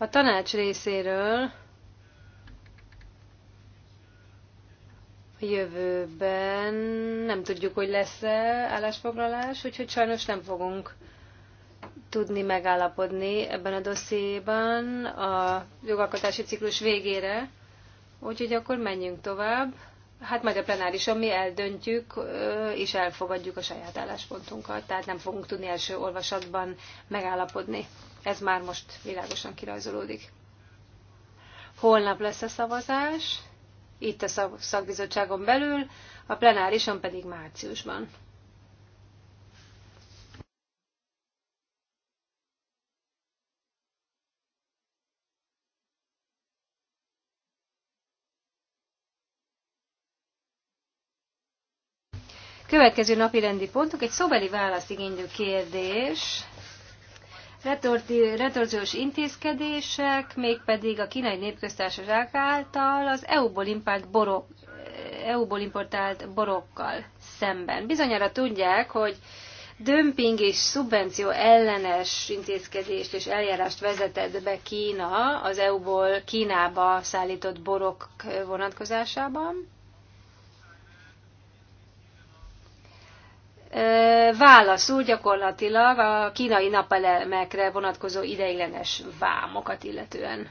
A tanács részéről a jövőben nem tudjuk, hogy lesz-e állásfoglalás, úgyhogy sajnos nem fogunk tudni megállapodni ebben a dossziéban a jogalkotási ciklus végére, úgyhogy akkor menjünk tovább. Hát majd a plenárison mi eldöntjük és elfogadjuk a saját álláspontunkat, tehát nem fogunk tudni első olvasatban megállapodni. Ez már most világosan kirajzolódik. Holnap lesz a szavazás, itt a szakbizottságon belül, a plenárison pedig márciusban. Következő napi rendi pontok egy szóbeli választ igénylő kérdés retorziós intézkedések, mégpedig a kínai népköztársaság által az EU-ból importált borok, eu importált borokkal szemben. Bizonyára tudják, hogy dömping és szubvenció ellenes intézkedést és eljárást vezetett be Kína az EU-ból Kínába szállított borok vonatkozásában. válaszul gyakorlatilag a kínai napelemekre vonatkozó ideiglenes vámokat illetően.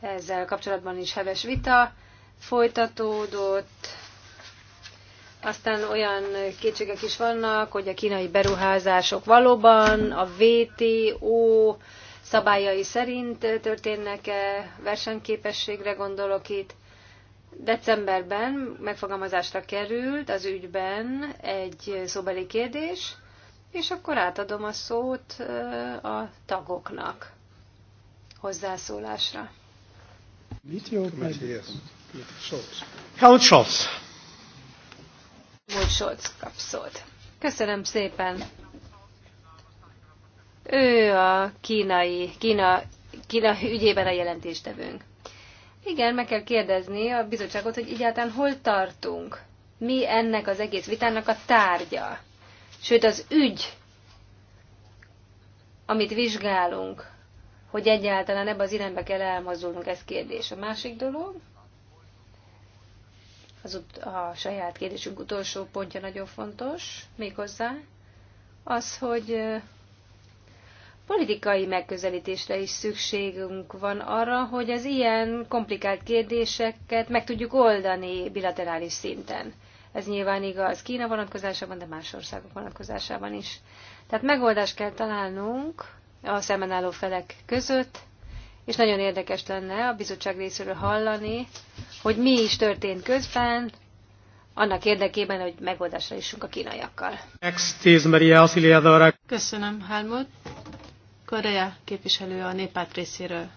Ezzel kapcsolatban is heves vita folytatódott. Aztán olyan kétségek is vannak, hogy a kínai beruházások valóban a WTO szabályai szerint történnek-e, versenyképességre gondolok itt, Decemberben megfogalmazásra került az ügyben egy szóbeli kérdés, és akkor átadom a szót a tagoknak hozzászólásra. Mit jó? Count Scholz. Scholz kap Köszönöm szépen. Ő a kínai, Kína, Kína ügyében a jelentéstevőnk. Igen, meg kell kérdezni a bizottságot, hogy egyáltalán hol tartunk. Mi ennek az egész vitának a tárgya? Sőt, az ügy, amit vizsgálunk, hogy egyáltalán ebbe az irányba kell elmozdulnunk, ez kérdés. A másik dolog, az ut- a saját kérdésünk utolsó pontja nagyon fontos, méghozzá az, hogy politikai megközelítésre is szükségünk van arra, hogy az ilyen komplikált kérdéseket meg tudjuk oldani bilaterális szinten. Ez nyilván igaz Kína vonatkozásában, de más országok vonatkozásában is. Tehát megoldást kell találnunk a szemben álló felek között, és nagyon érdekes lenne a bizottság részéről hallani, hogy mi is történt közben, annak érdekében, hogy megoldásra jussunk a kínaiakkal. Köszönöm, Helmut. Korea képviselő a néppárt részéről.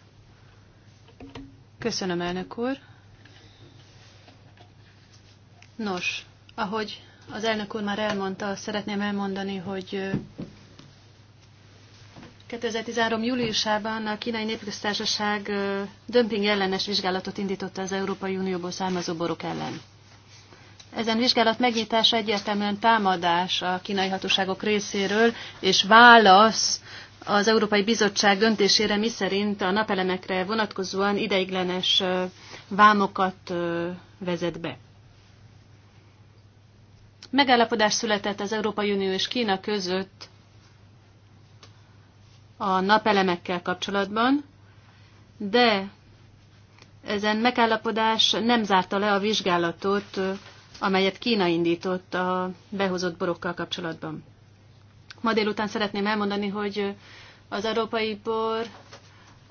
Köszönöm, elnök úr. Nos, ahogy az elnök úr már elmondta, szeretném elmondani, hogy 2013. júliusában a kínai népköztársaság dömping ellenes vizsgálatot indította az Európai Unióból származó borok ellen. Ezen vizsgálat megnyitása egyértelműen támadás a kínai hatóságok részéről, és válasz az Európai Bizottság döntésére miszerint a napelemekre vonatkozóan ideiglenes vámokat vezet be. Megállapodás született az Európai Unió és Kína között a napelemekkel kapcsolatban, de ezen megállapodás nem zárta le a vizsgálatot, amelyet Kína indított a behozott borokkal kapcsolatban. Ma délután szeretném elmondani, hogy az európai bor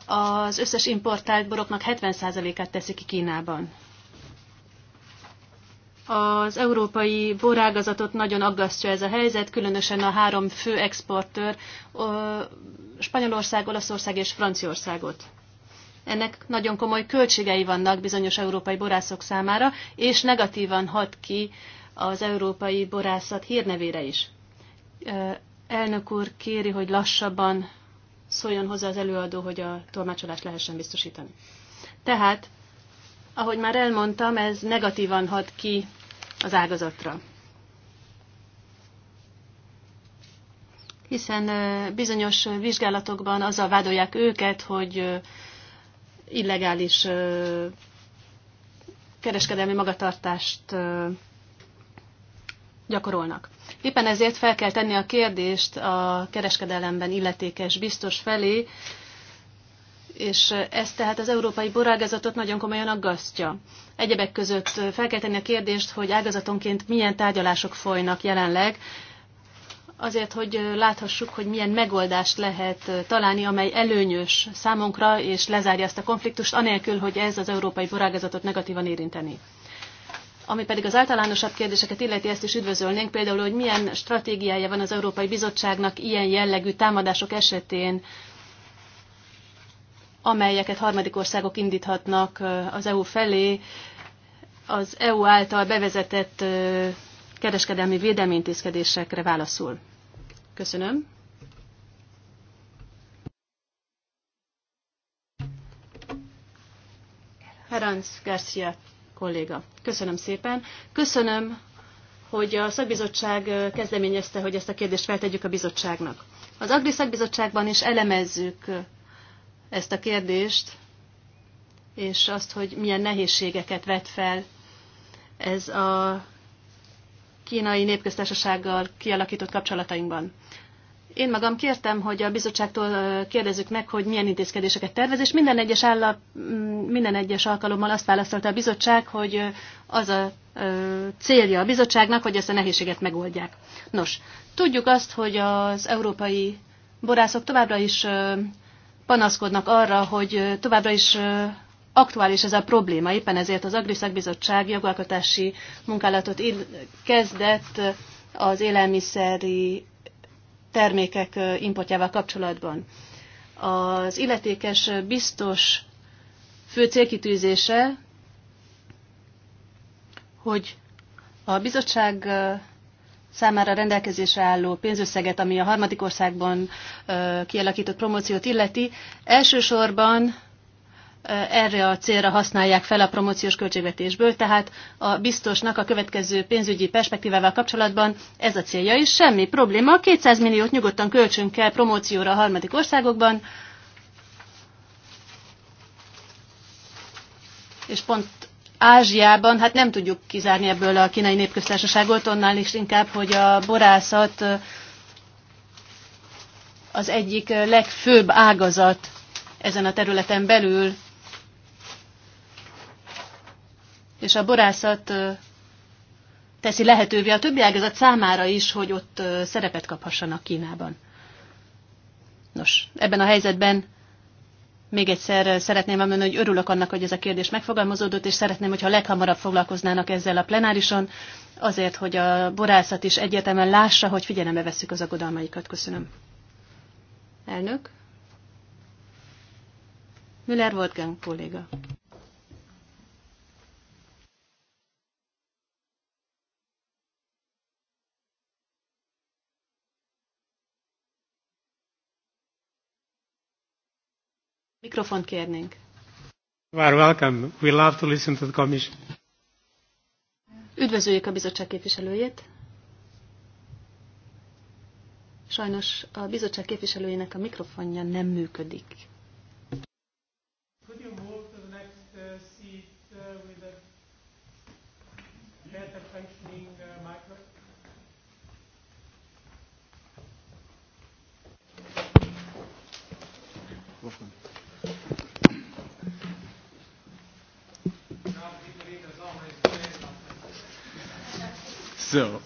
az összes importált boroknak 70%-át teszi ki Kínában. Az európai borágazatot nagyon aggasztja ez a helyzet, különösen a három fő exportőr, Spanyolország, Olaszország és Franciaországot. Ennek nagyon komoly költségei vannak bizonyos európai borászok számára, és negatívan hat ki az európai borászat hírnevére is. Elnök úr kéri, hogy lassabban szóljon hozzá az előadó, hogy a tolmácsolást lehessen biztosítani. Tehát, ahogy már elmondtam, ez negatívan hat ki az ágazatra. Hiszen bizonyos vizsgálatokban azzal vádolják őket, hogy illegális kereskedelmi magatartást gyakorolnak. Éppen ezért fel kell tenni a kérdést a kereskedelemben illetékes biztos felé, és ez tehát az európai borágazatot nagyon komolyan aggasztja. Egyebek között fel kell tenni a kérdést, hogy ágazatonként milyen tárgyalások folynak jelenleg, azért, hogy láthassuk, hogy milyen megoldást lehet találni, amely előnyös számunkra, és lezárja ezt a konfliktust, anélkül, hogy ez az európai borágazatot negatívan érinteni. Ami pedig az általánosabb kérdéseket illeti, ezt is üdvözölnénk, például, hogy milyen stratégiája van az Európai Bizottságnak ilyen jellegű támadások esetén, amelyeket harmadik országok indíthatnak az EU felé, az EU által bevezetett kereskedelmi védelmi intézkedésekre válaszul. Köszönöm. Herenc Garcia kolléga. Köszönöm szépen. Köszönöm, hogy a szakbizottság kezdeményezte, hogy ezt a kérdést feltegyük a bizottságnak. Az Agri szakbizottságban is elemezzük ezt a kérdést, és azt, hogy milyen nehézségeket vet fel ez a kínai népköztársasággal kialakított kapcsolatainkban. Én magam kértem, hogy a bizottságtól kérdezzük meg, hogy milyen intézkedéseket tervez, és minden egyes, állap, mm, minden egyes alkalommal azt választotta a bizottság, hogy az a célja a bizottságnak, hogy ezt a nehézséget megoldják. Nos, tudjuk azt, hogy az európai borászok továbbra is panaszkodnak arra, hogy továbbra is aktuális ez a probléma. Éppen ezért az Agriszak Bizottság jogalkotási munkálatot kezdett az élelmiszeri termékek importjával kapcsolatban. Az illetékes biztos fő célkitűzése, hogy a bizottság számára rendelkezésre álló pénzösszeget, ami a harmadik országban kialakított promóciót illeti, elsősorban erre a célra használják fel a promóciós költségvetésből, tehát a biztosnak a következő pénzügyi perspektívával kapcsolatban ez a célja is. Semmi probléma, 200 milliót nyugodtan költsünk el promócióra a harmadik országokban, és pont Ázsiában, hát nem tudjuk kizárni ebből a kínai népköztársaságot, onnál is inkább, hogy a borászat az egyik legfőbb ágazat ezen a területen belül, és a borászat teszi lehetővé a többi ágazat számára is, hogy ott szerepet kaphassanak Kínában. Nos, ebben a helyzetben még egyszer szeretném mondani, hogy örülök annak, hogy ez a kérdés megfogalmazódott, és szeretném, hogyha leghamarabb foglalkoznának ezzel a plenárison, azért, hogy a borászat is egyértelműen lássa, hogy figyelembe vesszük az aggodalmaikat. Köszönöm. Elnök? Müller Wolfgang kolléga. Mikrofont kérnénk. You are welcome. We love to listen to the commission. Üdvözöljük a bizottság képviselőjét. Sajnos a bizottság képviselőjének a mikrofonja nem működik. So,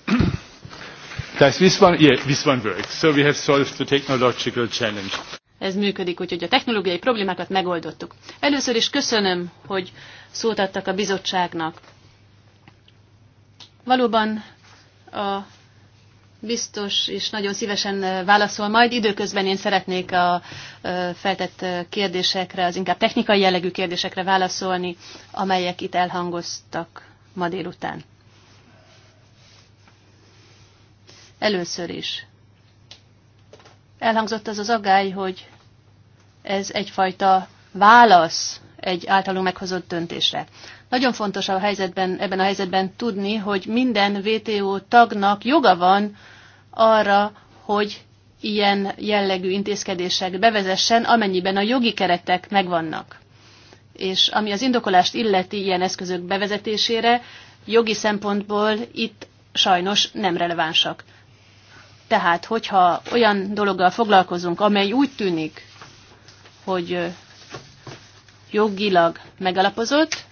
does this one, yeah, this one works. So we have solved the technological challenge. Ez működik, úgyhogy a technológiai problémákat megoldottuk. Először is köszönöm, hogy szót adtak a bizottságnak. Valóban a biztos és nagyon szívesen eh, válaszol majd. Időközben én szeretnék a eh, feltett eh, kérdésekre, az inkább technikai jellegű kérdésekre válaszolni, amelyek itt elhangoztak ma délután. Először is elhangzott az az agály, hogy ez egyfajta válasz egy általunk meghozott döntésre. Nagyon fontos a helyzetben, ebben a helyzetben tudni, hogy minden VTO tagnak joga van arra, hogy ilyen jellegű intézkedések bevezessen, amennyiben a jogi keretek megvannak. És ami az indokolást illeti ilyen eszközök bevezetésére, jogi szempontból itt sajnos nem relevánsak. Tehát, hogyha olyan dologgal foglalkozunk, amely úgy tűnik, hogy jogilag megalapozott,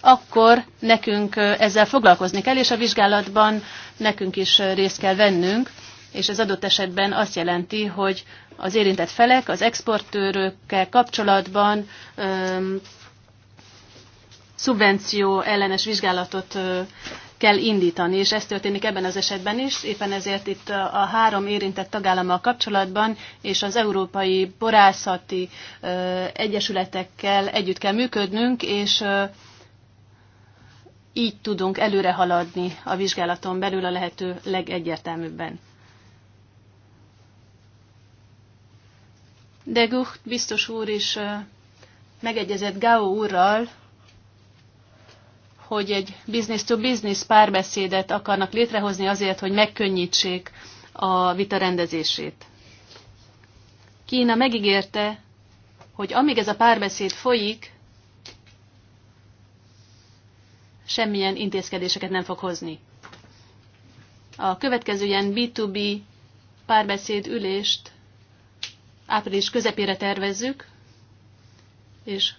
akkor nekünk ezzel foglalkozni kell, és a vizsgálatban nekünk is részt kell vennünk, és ez adott esetben azt jelenti, hogy az érintett felek az exportőrökkel kapcsolatban öm, szubvenció ellenes vizsgálatot kell indítani, és ez történik ebben az esetben is, éppen ezért itt a három érintett tagállammal kapcsolatban és az európai borászati egyesületekkel együtt kell működnünk, és így tudunk előre haladni a vizsgálaton belül a lehető legegyértelműbben. De Gucht biztos úr is megegyezett Gao úrral, hogy egy business-to-business párbeszédet akarnak létrehozni azért, hogy megkönnyítsék a vita rendezését. Kína megígérte, hogy amíg ez a párbeszéd folyik, semmilyen intézkedéseket nem fog hozni. A következő ilyen B2B párbeszéd ülést április közepére tervezzük, és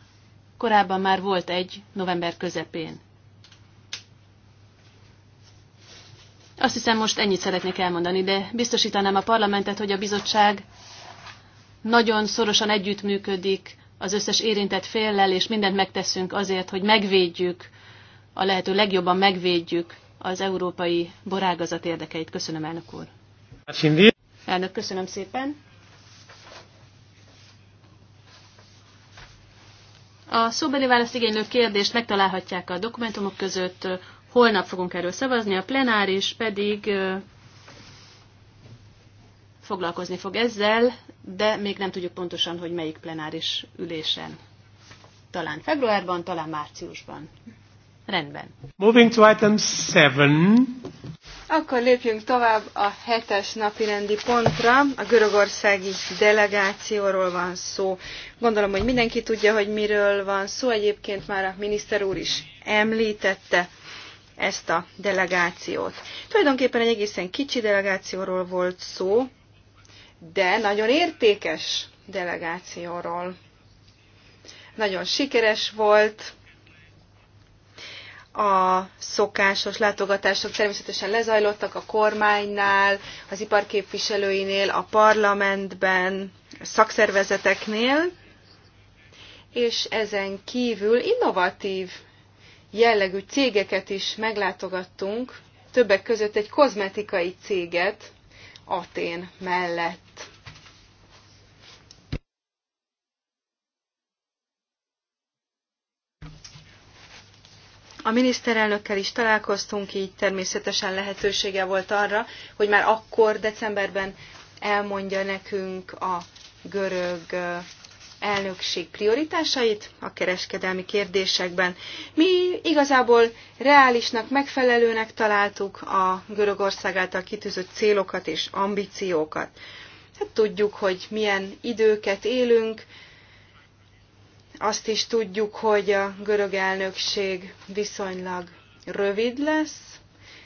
korábban már volt egy november közepén. Azt hiszem most ennyit szeretnék elmondani, de biztosítanám a parlamentet, hogy a bizottság nagyon szorosan együttműködik az összes érintett féllel, és mindent megteszünk azért, hogy megvédjük, a lehető legjobban megvédjük az európai borágazat érdekeit. Köszönöm, elnök úr. Elnök, köszönöm szépen. A szóbeli igénylő kérdést megtalálhatják a dokumentumok között, Holnap fogunk erről szavazni, a plenáris pedig foglalkozni fog ezzel, de még nem tudjuk pontosan, hogy melyik plenáris ülésen. Talán februárban, talán márciusban. Rendben. Moving to item seven. Akkor lépjünk tovább a hetes napi rendi pontra. A görögországi delegációról van szó. Gondolom, hogy mindenki tudja, hogy miről van szó. Egyébként már a miniszter úr is említette ezt a delegációt. Tulajdonképpen egy egészen kicsi delegációról volt szó, de nagyon értékes delegációról. Nagyon sikeres volt, a szokásos látogatások természetesen lezajlottak a kormánynál, az iparképviselőinél, a parlamentben, a szakszervezeteknél, és ezen kívül innovatív jellegű cégeket is meglátogattunk, többek között egy kozmetikai céget Atén mellett. A miniszterelnökkel is találkoztunk, így természetesen lehetősége volt arra, hogy már akkor, decemberben elmondja nekünk a görög elnökség prioritásait a kereskedelmi kérdésekben. Mi igazából reálisnak, megfelelőnek találtuk a Görögország által kitűzött célokat és ambíciókat. Hát tudjuk, hogy milyen időket élünk, azt is tudjuk, hogy a görög elnökség viszonylag rövid lesz,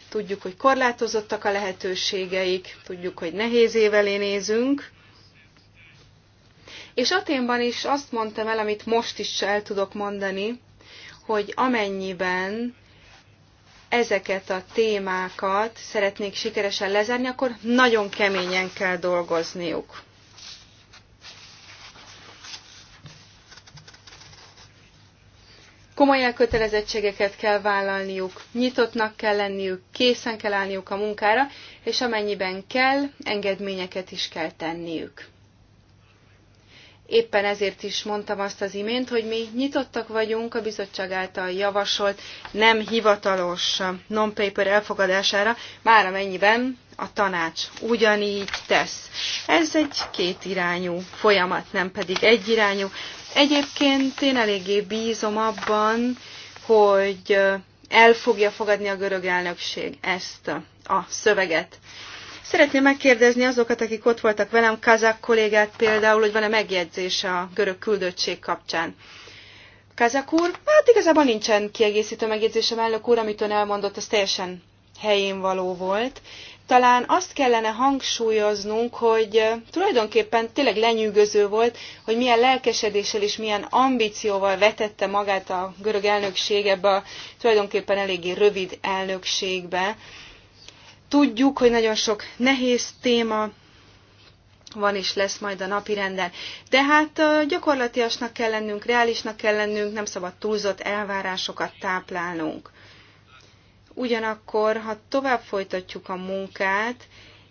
tudjuk, hogy korlátozottak a lehetőségeik, tudjuk, hogy nehéz évelé nézünk, és Aténban is azt mondtam el, amit most is el tudok mondani, hogy amennyiben ezeket a témákat szeretnék sikeresen lezárni, akkor nagyon keményen kell dolgozniuk. Komoly elkötelezettségeket kell vállalniuk, nyitottnak kell lenniük, készen kell állniuk a munkára, és amennyiben kell, engedményeket is kell tenniük. Éppen ezért is mondtam azt az imént, hogy mi nyitottak vagyunk a bizottság által javasolt nem hivatalos non-paper elfogadására, már amennyiben a tanács ugyanígy tesz. Ez egy kétirányú folyamat, nem pedig egyirányú. Egyébként én eléggé bízom abban, hogy el fogja fogadni a görög elnökség ezt a szöveget. Szeretném megkérdezni azokat, akik ott voltak velem, kazák kollégát például, hogy van-e megjegyzése a görög küldöttség kapcsán. Kazak úr, hát igazából nincsen kiegészítő megjegyzésem, elnök úr, amit ön elmondott, az teljesen helyén való volt. Talán azt kellene hangsúlyoznunk, hogy tulajdonképpen tényleg lenyűgöző volt, hogy milyen lelkesedéssel és milyen ambícióval vetette magát a görög elnökség ebbe a tulajdonképpen eléggé rövid elnökségbe Tudjuk, hogy nagyon sok nehéz téma van és lesz majd a napi renden. De hát gyakorlatiasnak kell lennünk, reálisnak kell lennünk, nem szabad túlzott elvárásokat táplálnunk. Ugyanakkor, ha tovább folytatjuk a munkát,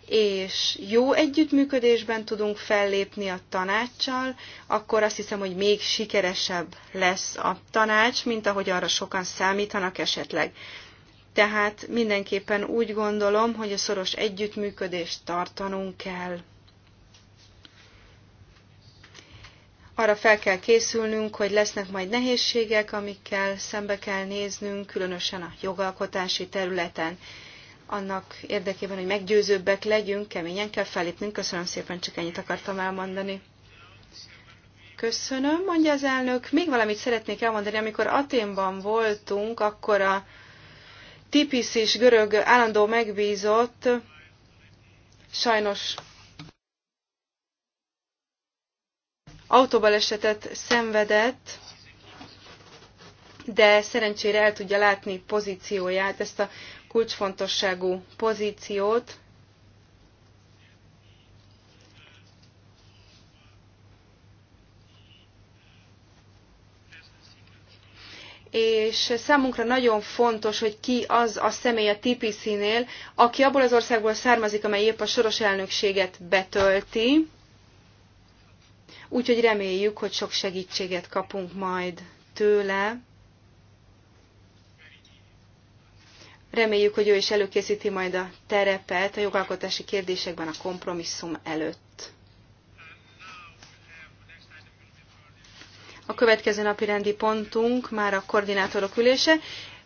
és jó együttműködésben tudunk fellépni a tanácssal, akkor azt hiszem, hogy még sikeresebb lesz a tanács, mint ahogy arra sokan számítanak esetleg. Tehát mindenképpen úgy gondolom, hogy a szoros együttműködést tartanunk kell. arra fel kell készülnünk, hogy lesznek majd nehézségek, amikkel szembe kell néznünk, különösen a jogalkotási területen. Annak érdekében, hogy meggyőzőbbek legyünk, keményen kell felépnünk. Köszönöm szépen, csak ennyit akartam elmondani. Köszönöm, mondja az elnök. Még valamit szeretnék elmondani, amikor Aténban voltunk, akkor a Tipis és görög állandó megbízott sajnos autóbalesetet szenvedett, de szerencsére el tudja látni pozícióját, ezt a kulcsfontosságú pozíciót, és számunkra nagyon fontos, hogy ki az a személy a TPC-nél, aki abból az országból származik, amely épp a soros elnökséget betölti. Úgyhogy reméljük, hogy sok segítséget kapunk majd tőle. Reméljük, hogy ő is előkészíti majd a terepet a jogalkotási kérdésekben a kompromisszum előtt. A következő napi rendi pontunk már a koordinátorok ülése.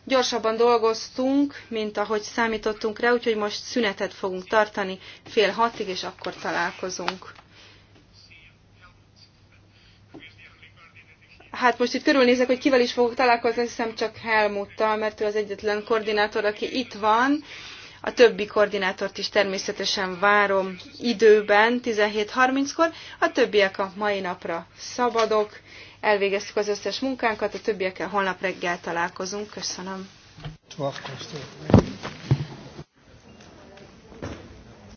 Gyorsabban dolgoztunk, mint ahogy számítottunk rá, úgyhogy most szünetet fogunk tartani fél hatig, és akkor találkozunk. Hát most itt körülnézek, hogy kivel is fogok találkozni, hiszem csak Helmuttal, mert ő az egyetlen koordinátor, aki itt van. A többi koordinátort is természetesen várom időben, 17.30-kor, a többiek a mai napra szabadok, elvégeztük az összes munkánkat, a többiekkel holnap reggel találkozunk. Köszönöm.